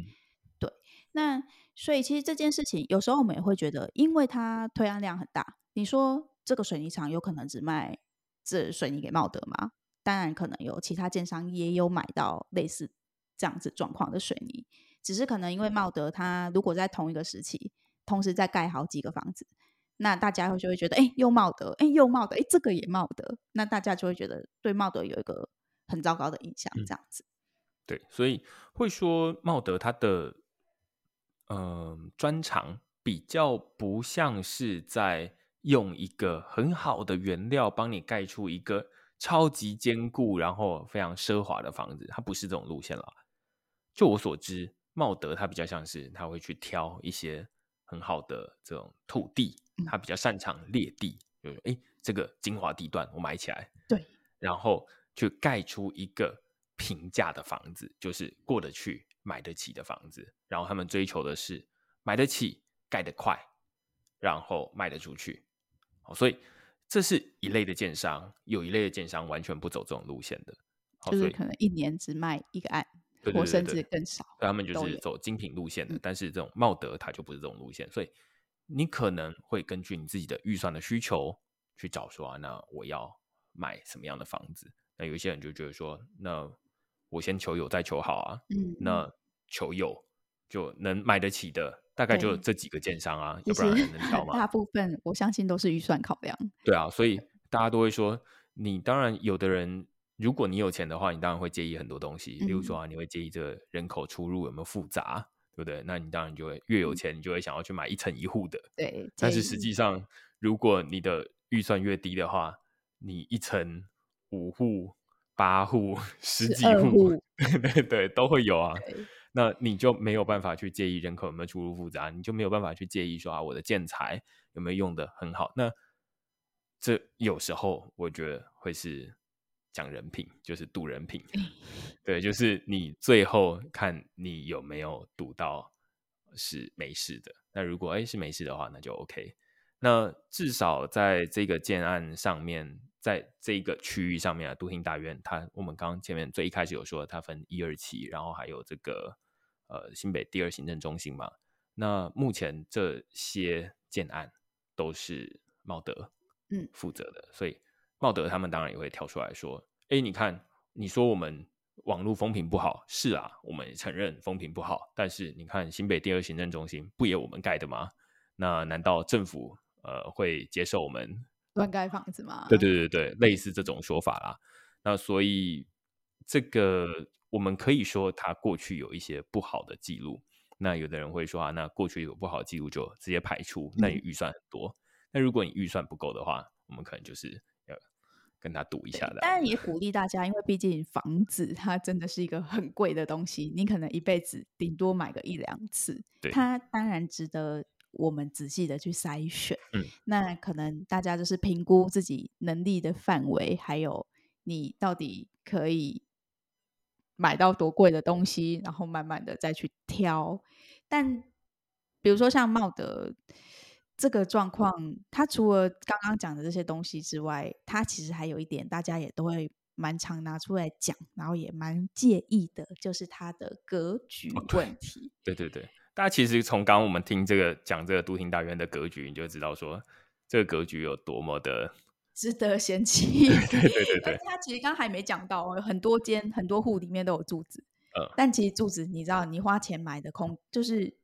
對。那所以其實這件事情，有時候我們也會覺得，因為它推案量很大，你說這個水泥廠有可能只賣這水泥給茂德嗎？當然，可能有其他建商也有買到類似這樣子狀況的水泥，只是可能因為茂德，他如果在同一個時期同時在蓋好幾個房子，那大家就會覺得，欸，又茂德，欸，又茂德，欸，這個也茂德，那大家就會覺得對茂德有一個很糟糕的印象，這樣子。嗯。對，所以會說茂德他的嗯、呃、專長比較不像是在用一個很好的原料幫你蓋出一個。超級堅固，然後非常奢華的房子，它不是這種路線了。就我所知，茂德他比較像是他會去挑一些很好的這種土地，他比較擅長列地，嗯、就哎，這個精華地段我買起來。對，然後去蓋出一個平價的房子，就是過得去、買得起的房子。然後他們追求的是買得起、蓋得快，然後賣得出去。好，所以。這是一類的建商，有一類的建商完全不走這種路線的，就是可能一年只賣一個案，或甚至更少。他們就是走精品路線的，但是這種茂德他就不是這種路線，所以你可能會根據你自己的預算的需求去找，說啊、嗯，那我要買什麼樣的房子？那有一些人就覺得說，那我先求有再求好啊，嗯，那求有。就能買得起的，大概就這幾個建商啊，要不然能挑嗎？大部分我相信都是預算考量。對啊，所以大家都會說，你當然有的人，如果你有錢的話，你當然會介意很多東西，比如說啊，你會介意這人口出入有沒有複雜，嗯、對不對？那你當然就會越有錢、嗯，你就會想要去買一層一戶的。對，但是實際上，如果你的預算越低的話，你一層五戶、八戶、十幾戶，戶 對對，都會有啊。那你就沒有辦法去介意人口有沒有出入複雜，你就沒有辦法去介意說啊，我的建材有沒有用得很好。那這有時候我覺得會是講人品，就是賭人品。 對，就是你最後看你有沒有賭到是沒事的。那如果哎、欸、是沒事的話，那就 OK。那至少在這個建案上面，在這個區域上面啊，都廳大院，它我們剛前面最一開始有說，它分一二期，然後還有這個。呃，新北第二行政中心嘛，那目前這些建案都是茂德嗯負責的，嗯，所以茂德他們當然也會跳出來說：“哎，你看，你說我們網絡風評不好，是啊，我們也承認風評不好。但是你看，新北第二行政中心不也我們蓋的嗎？那難道政府呃會接受我們亂蓋房子嗎？對對對對，類似這種說法啦。那所以這個。”我們可以說他過去有一些不好的記錄，那有的人會說啊，那過去有不好的記錄就直接排除，那你預算很多，那、嗯、如果你預算不夠的話，我們可能就是要跟他賭一下的。當然也鼓勵大家，因為畢竟房子它真的是一個很貴的東西，你可能一輩子頂多買個一兩次，它當然值得我們仔細的去篩選。嗯，那可能大家就是評估自己能力的範圍，還有你到底可以買到多貴的東西，然後慢慢的再去挑。但比如說像茂德這個狀況，他除了剛剛講的這些東西之外，他其實還有一點，大家也都會蠻常拿出來講，然後也蠻介意的，就是他的格局問題。哦、對對對，大家其實從剛剛我們聽這個講這個都廳大院的格局，你就知道說這個格局有多麼的。值得嫌棄， 對對對，對，對，對他其實剛剛還沒講到哦，很多間很多戶裡面都有柱子，嗯、但其實柱子，你知道，你花錢買的空，就是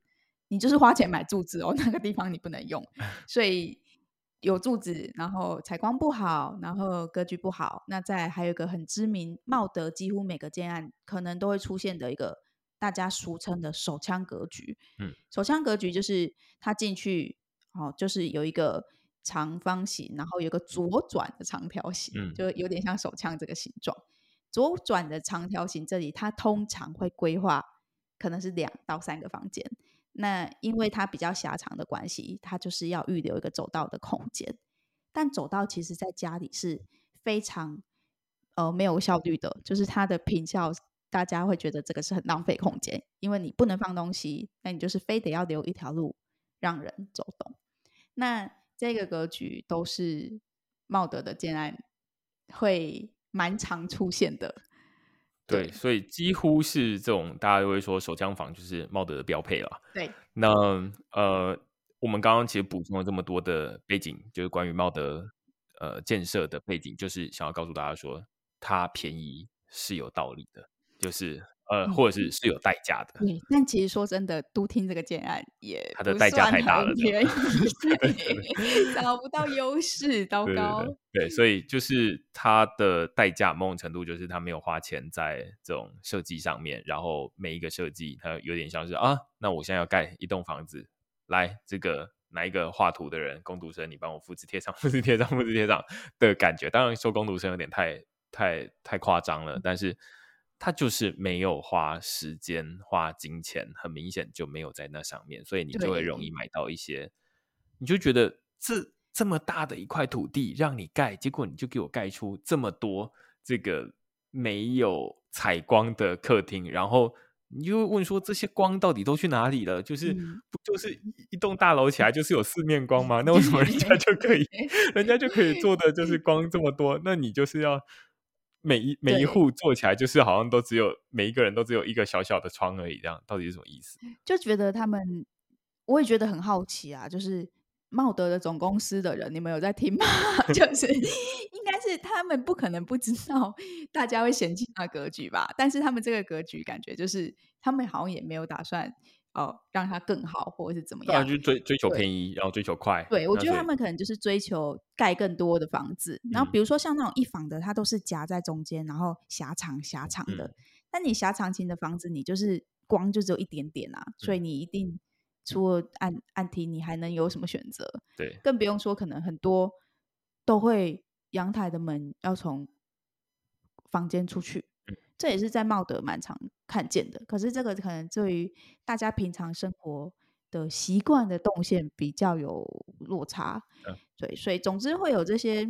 你就是花錢買柱子哦，那個地方你不能用，所以有柱子，然後採光不好，然後格局不好。那在還有一個很知名茂德，幾乎每個建案可能都會出現的一個大家俗稱的手槍格局，嗯、手槍格局就是他進去，哦，就是有一個。長方形，然後有個左轉的長條形，就有點像手槍這個形狀。嗯。左轉的長條形這裡，它通常會規劃可能是兩到三個房間。那因為它比較狹長的關係，它就是要預留一個走道的空間。但走道其實，在家裡是非常呃沒有效率的，就是它的坪效，大家會覺得這個是很浪費空間，因為你不能放東西，那你就是非得要留一條路讓人走動。那這個格局都是茂德的建案會蠻常出現的對，對，所以幾乎是這種大家都會說手槍房就是茂德的標配了。對，那呃，我們剛剛其實補充了這麼多的背景，就是關於茂德呃建設的背景，就是想要告訴大家說，它便宜是有道理的，就是。呃，或者是、嗯、是有代價的。對，但其實說真的，都廳這個建案也，也他的代價太大了，便宜， 對對對對找不到優勢，糟糕對對對對。對，所以就是他的代價某種程度就是他沒有花錢在這種設計上面，然後每一個設計，他有點像是啊，那我現在要蓋一棟房子，來這個哪一個畫圖的人，工讀生，你幫我複製貼上，複製貼上，複製貼上的感覺。當然說工讀生有點太太太誇張了，但是。他就是沒有花時間，花金錢，很明顯就沒有在那上面，所以你就會容易買到一些，你就覺得這這麼大的一塊土地讓你蓋，結果你就給我蓋出這麼多這個沒有採光的客廳，然後你就會問說，這些光到底都去哪裡了？就是、嗯、不就是一棟大樓起來就是有四面光嗎？那為什麼人家就可以， 人家就可以做的就是光這麼多？那你就是要。每一每一戶做起來，就是好像都只有每一個人都只有一個小小的窗而已，這樣到底是什麼意思？就覺得他們，我也覺得很好奇啊。就是茂德的總公司的人，你們有在聽嗎？ 就是應該是他們不可能不知道大家會嫌棄那格局吧？但是他們這個格局，感覺就是他們好像也沒有打算，哦，讓它更好，或者是怎麼樣？要去、啊、追追求便宜，然後追求快。對，我覺得他們可能就是追求蓋更多的房子。然後比如說像那種一房的，它都是夾在中間，然後狹長狹長的。嗯、但你狹長型的房子，你就是光就只有一點點啊，嗯、所以你一定除了暗、嗯、廳你還能有什麼選擇？對，更不用說可能很多都會陽台的門要從房間出去。這也是在茂德蠻常看見的，可是這個可能對於大家平常生活的習慣的動線比較有落差，嗯、對，所以總之會有這些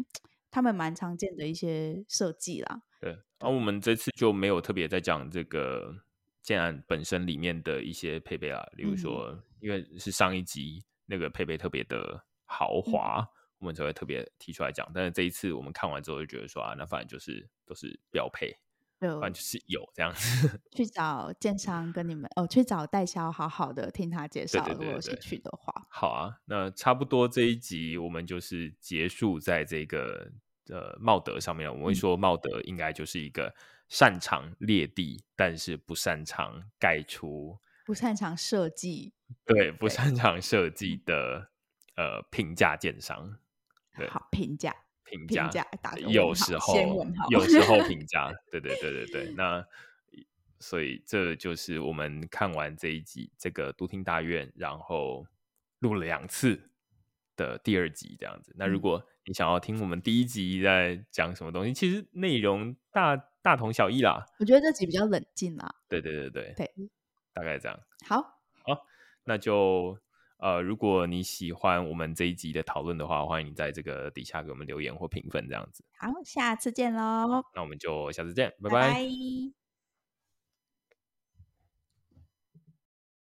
他們蠻常見的一些設計啦。對，而、啊、我們這次就沒有特別在講這個建案本身裡面的一些配備啊，比如說因為是上一集、嗯、那個配備特別的豪華、嗯，我們才會特別提出來講。但是這一次我們看完之後就覺得說啊，那反正就是都是標配。反正就是有這樣子，去找建商跟你們哦，去找代銷，好好的聽他介紹。對對對對對，如果有興趣的話，好啊，那差不多這一集我們就是結束在這個呃茂德上面，我們會說茂德應該就是一個擅長列地、嗯，但是不擅長蓋出，不擅長設計，對，不擅長設計的對呃評價建商，對好評價。評價，評價打，有時候先 有時候評價，對對對對對。那所以這就是我們看完這一集這個都廳大院，然後錄了兩次的第二集這樣子。那如果你想要聽我們第一集在講什麼東西，嗯、其實內容大大同小異啦。我覺得這集比較冷靜啦、啊。對對對對對，大概這樣。好，好，那就。呃，如果你喜歡我們這一集的討論的話，歡迎你在這個底下給我們留言或評分，這樣子。好，下次見嘍。那我們就下次見，拜拜。拜拜。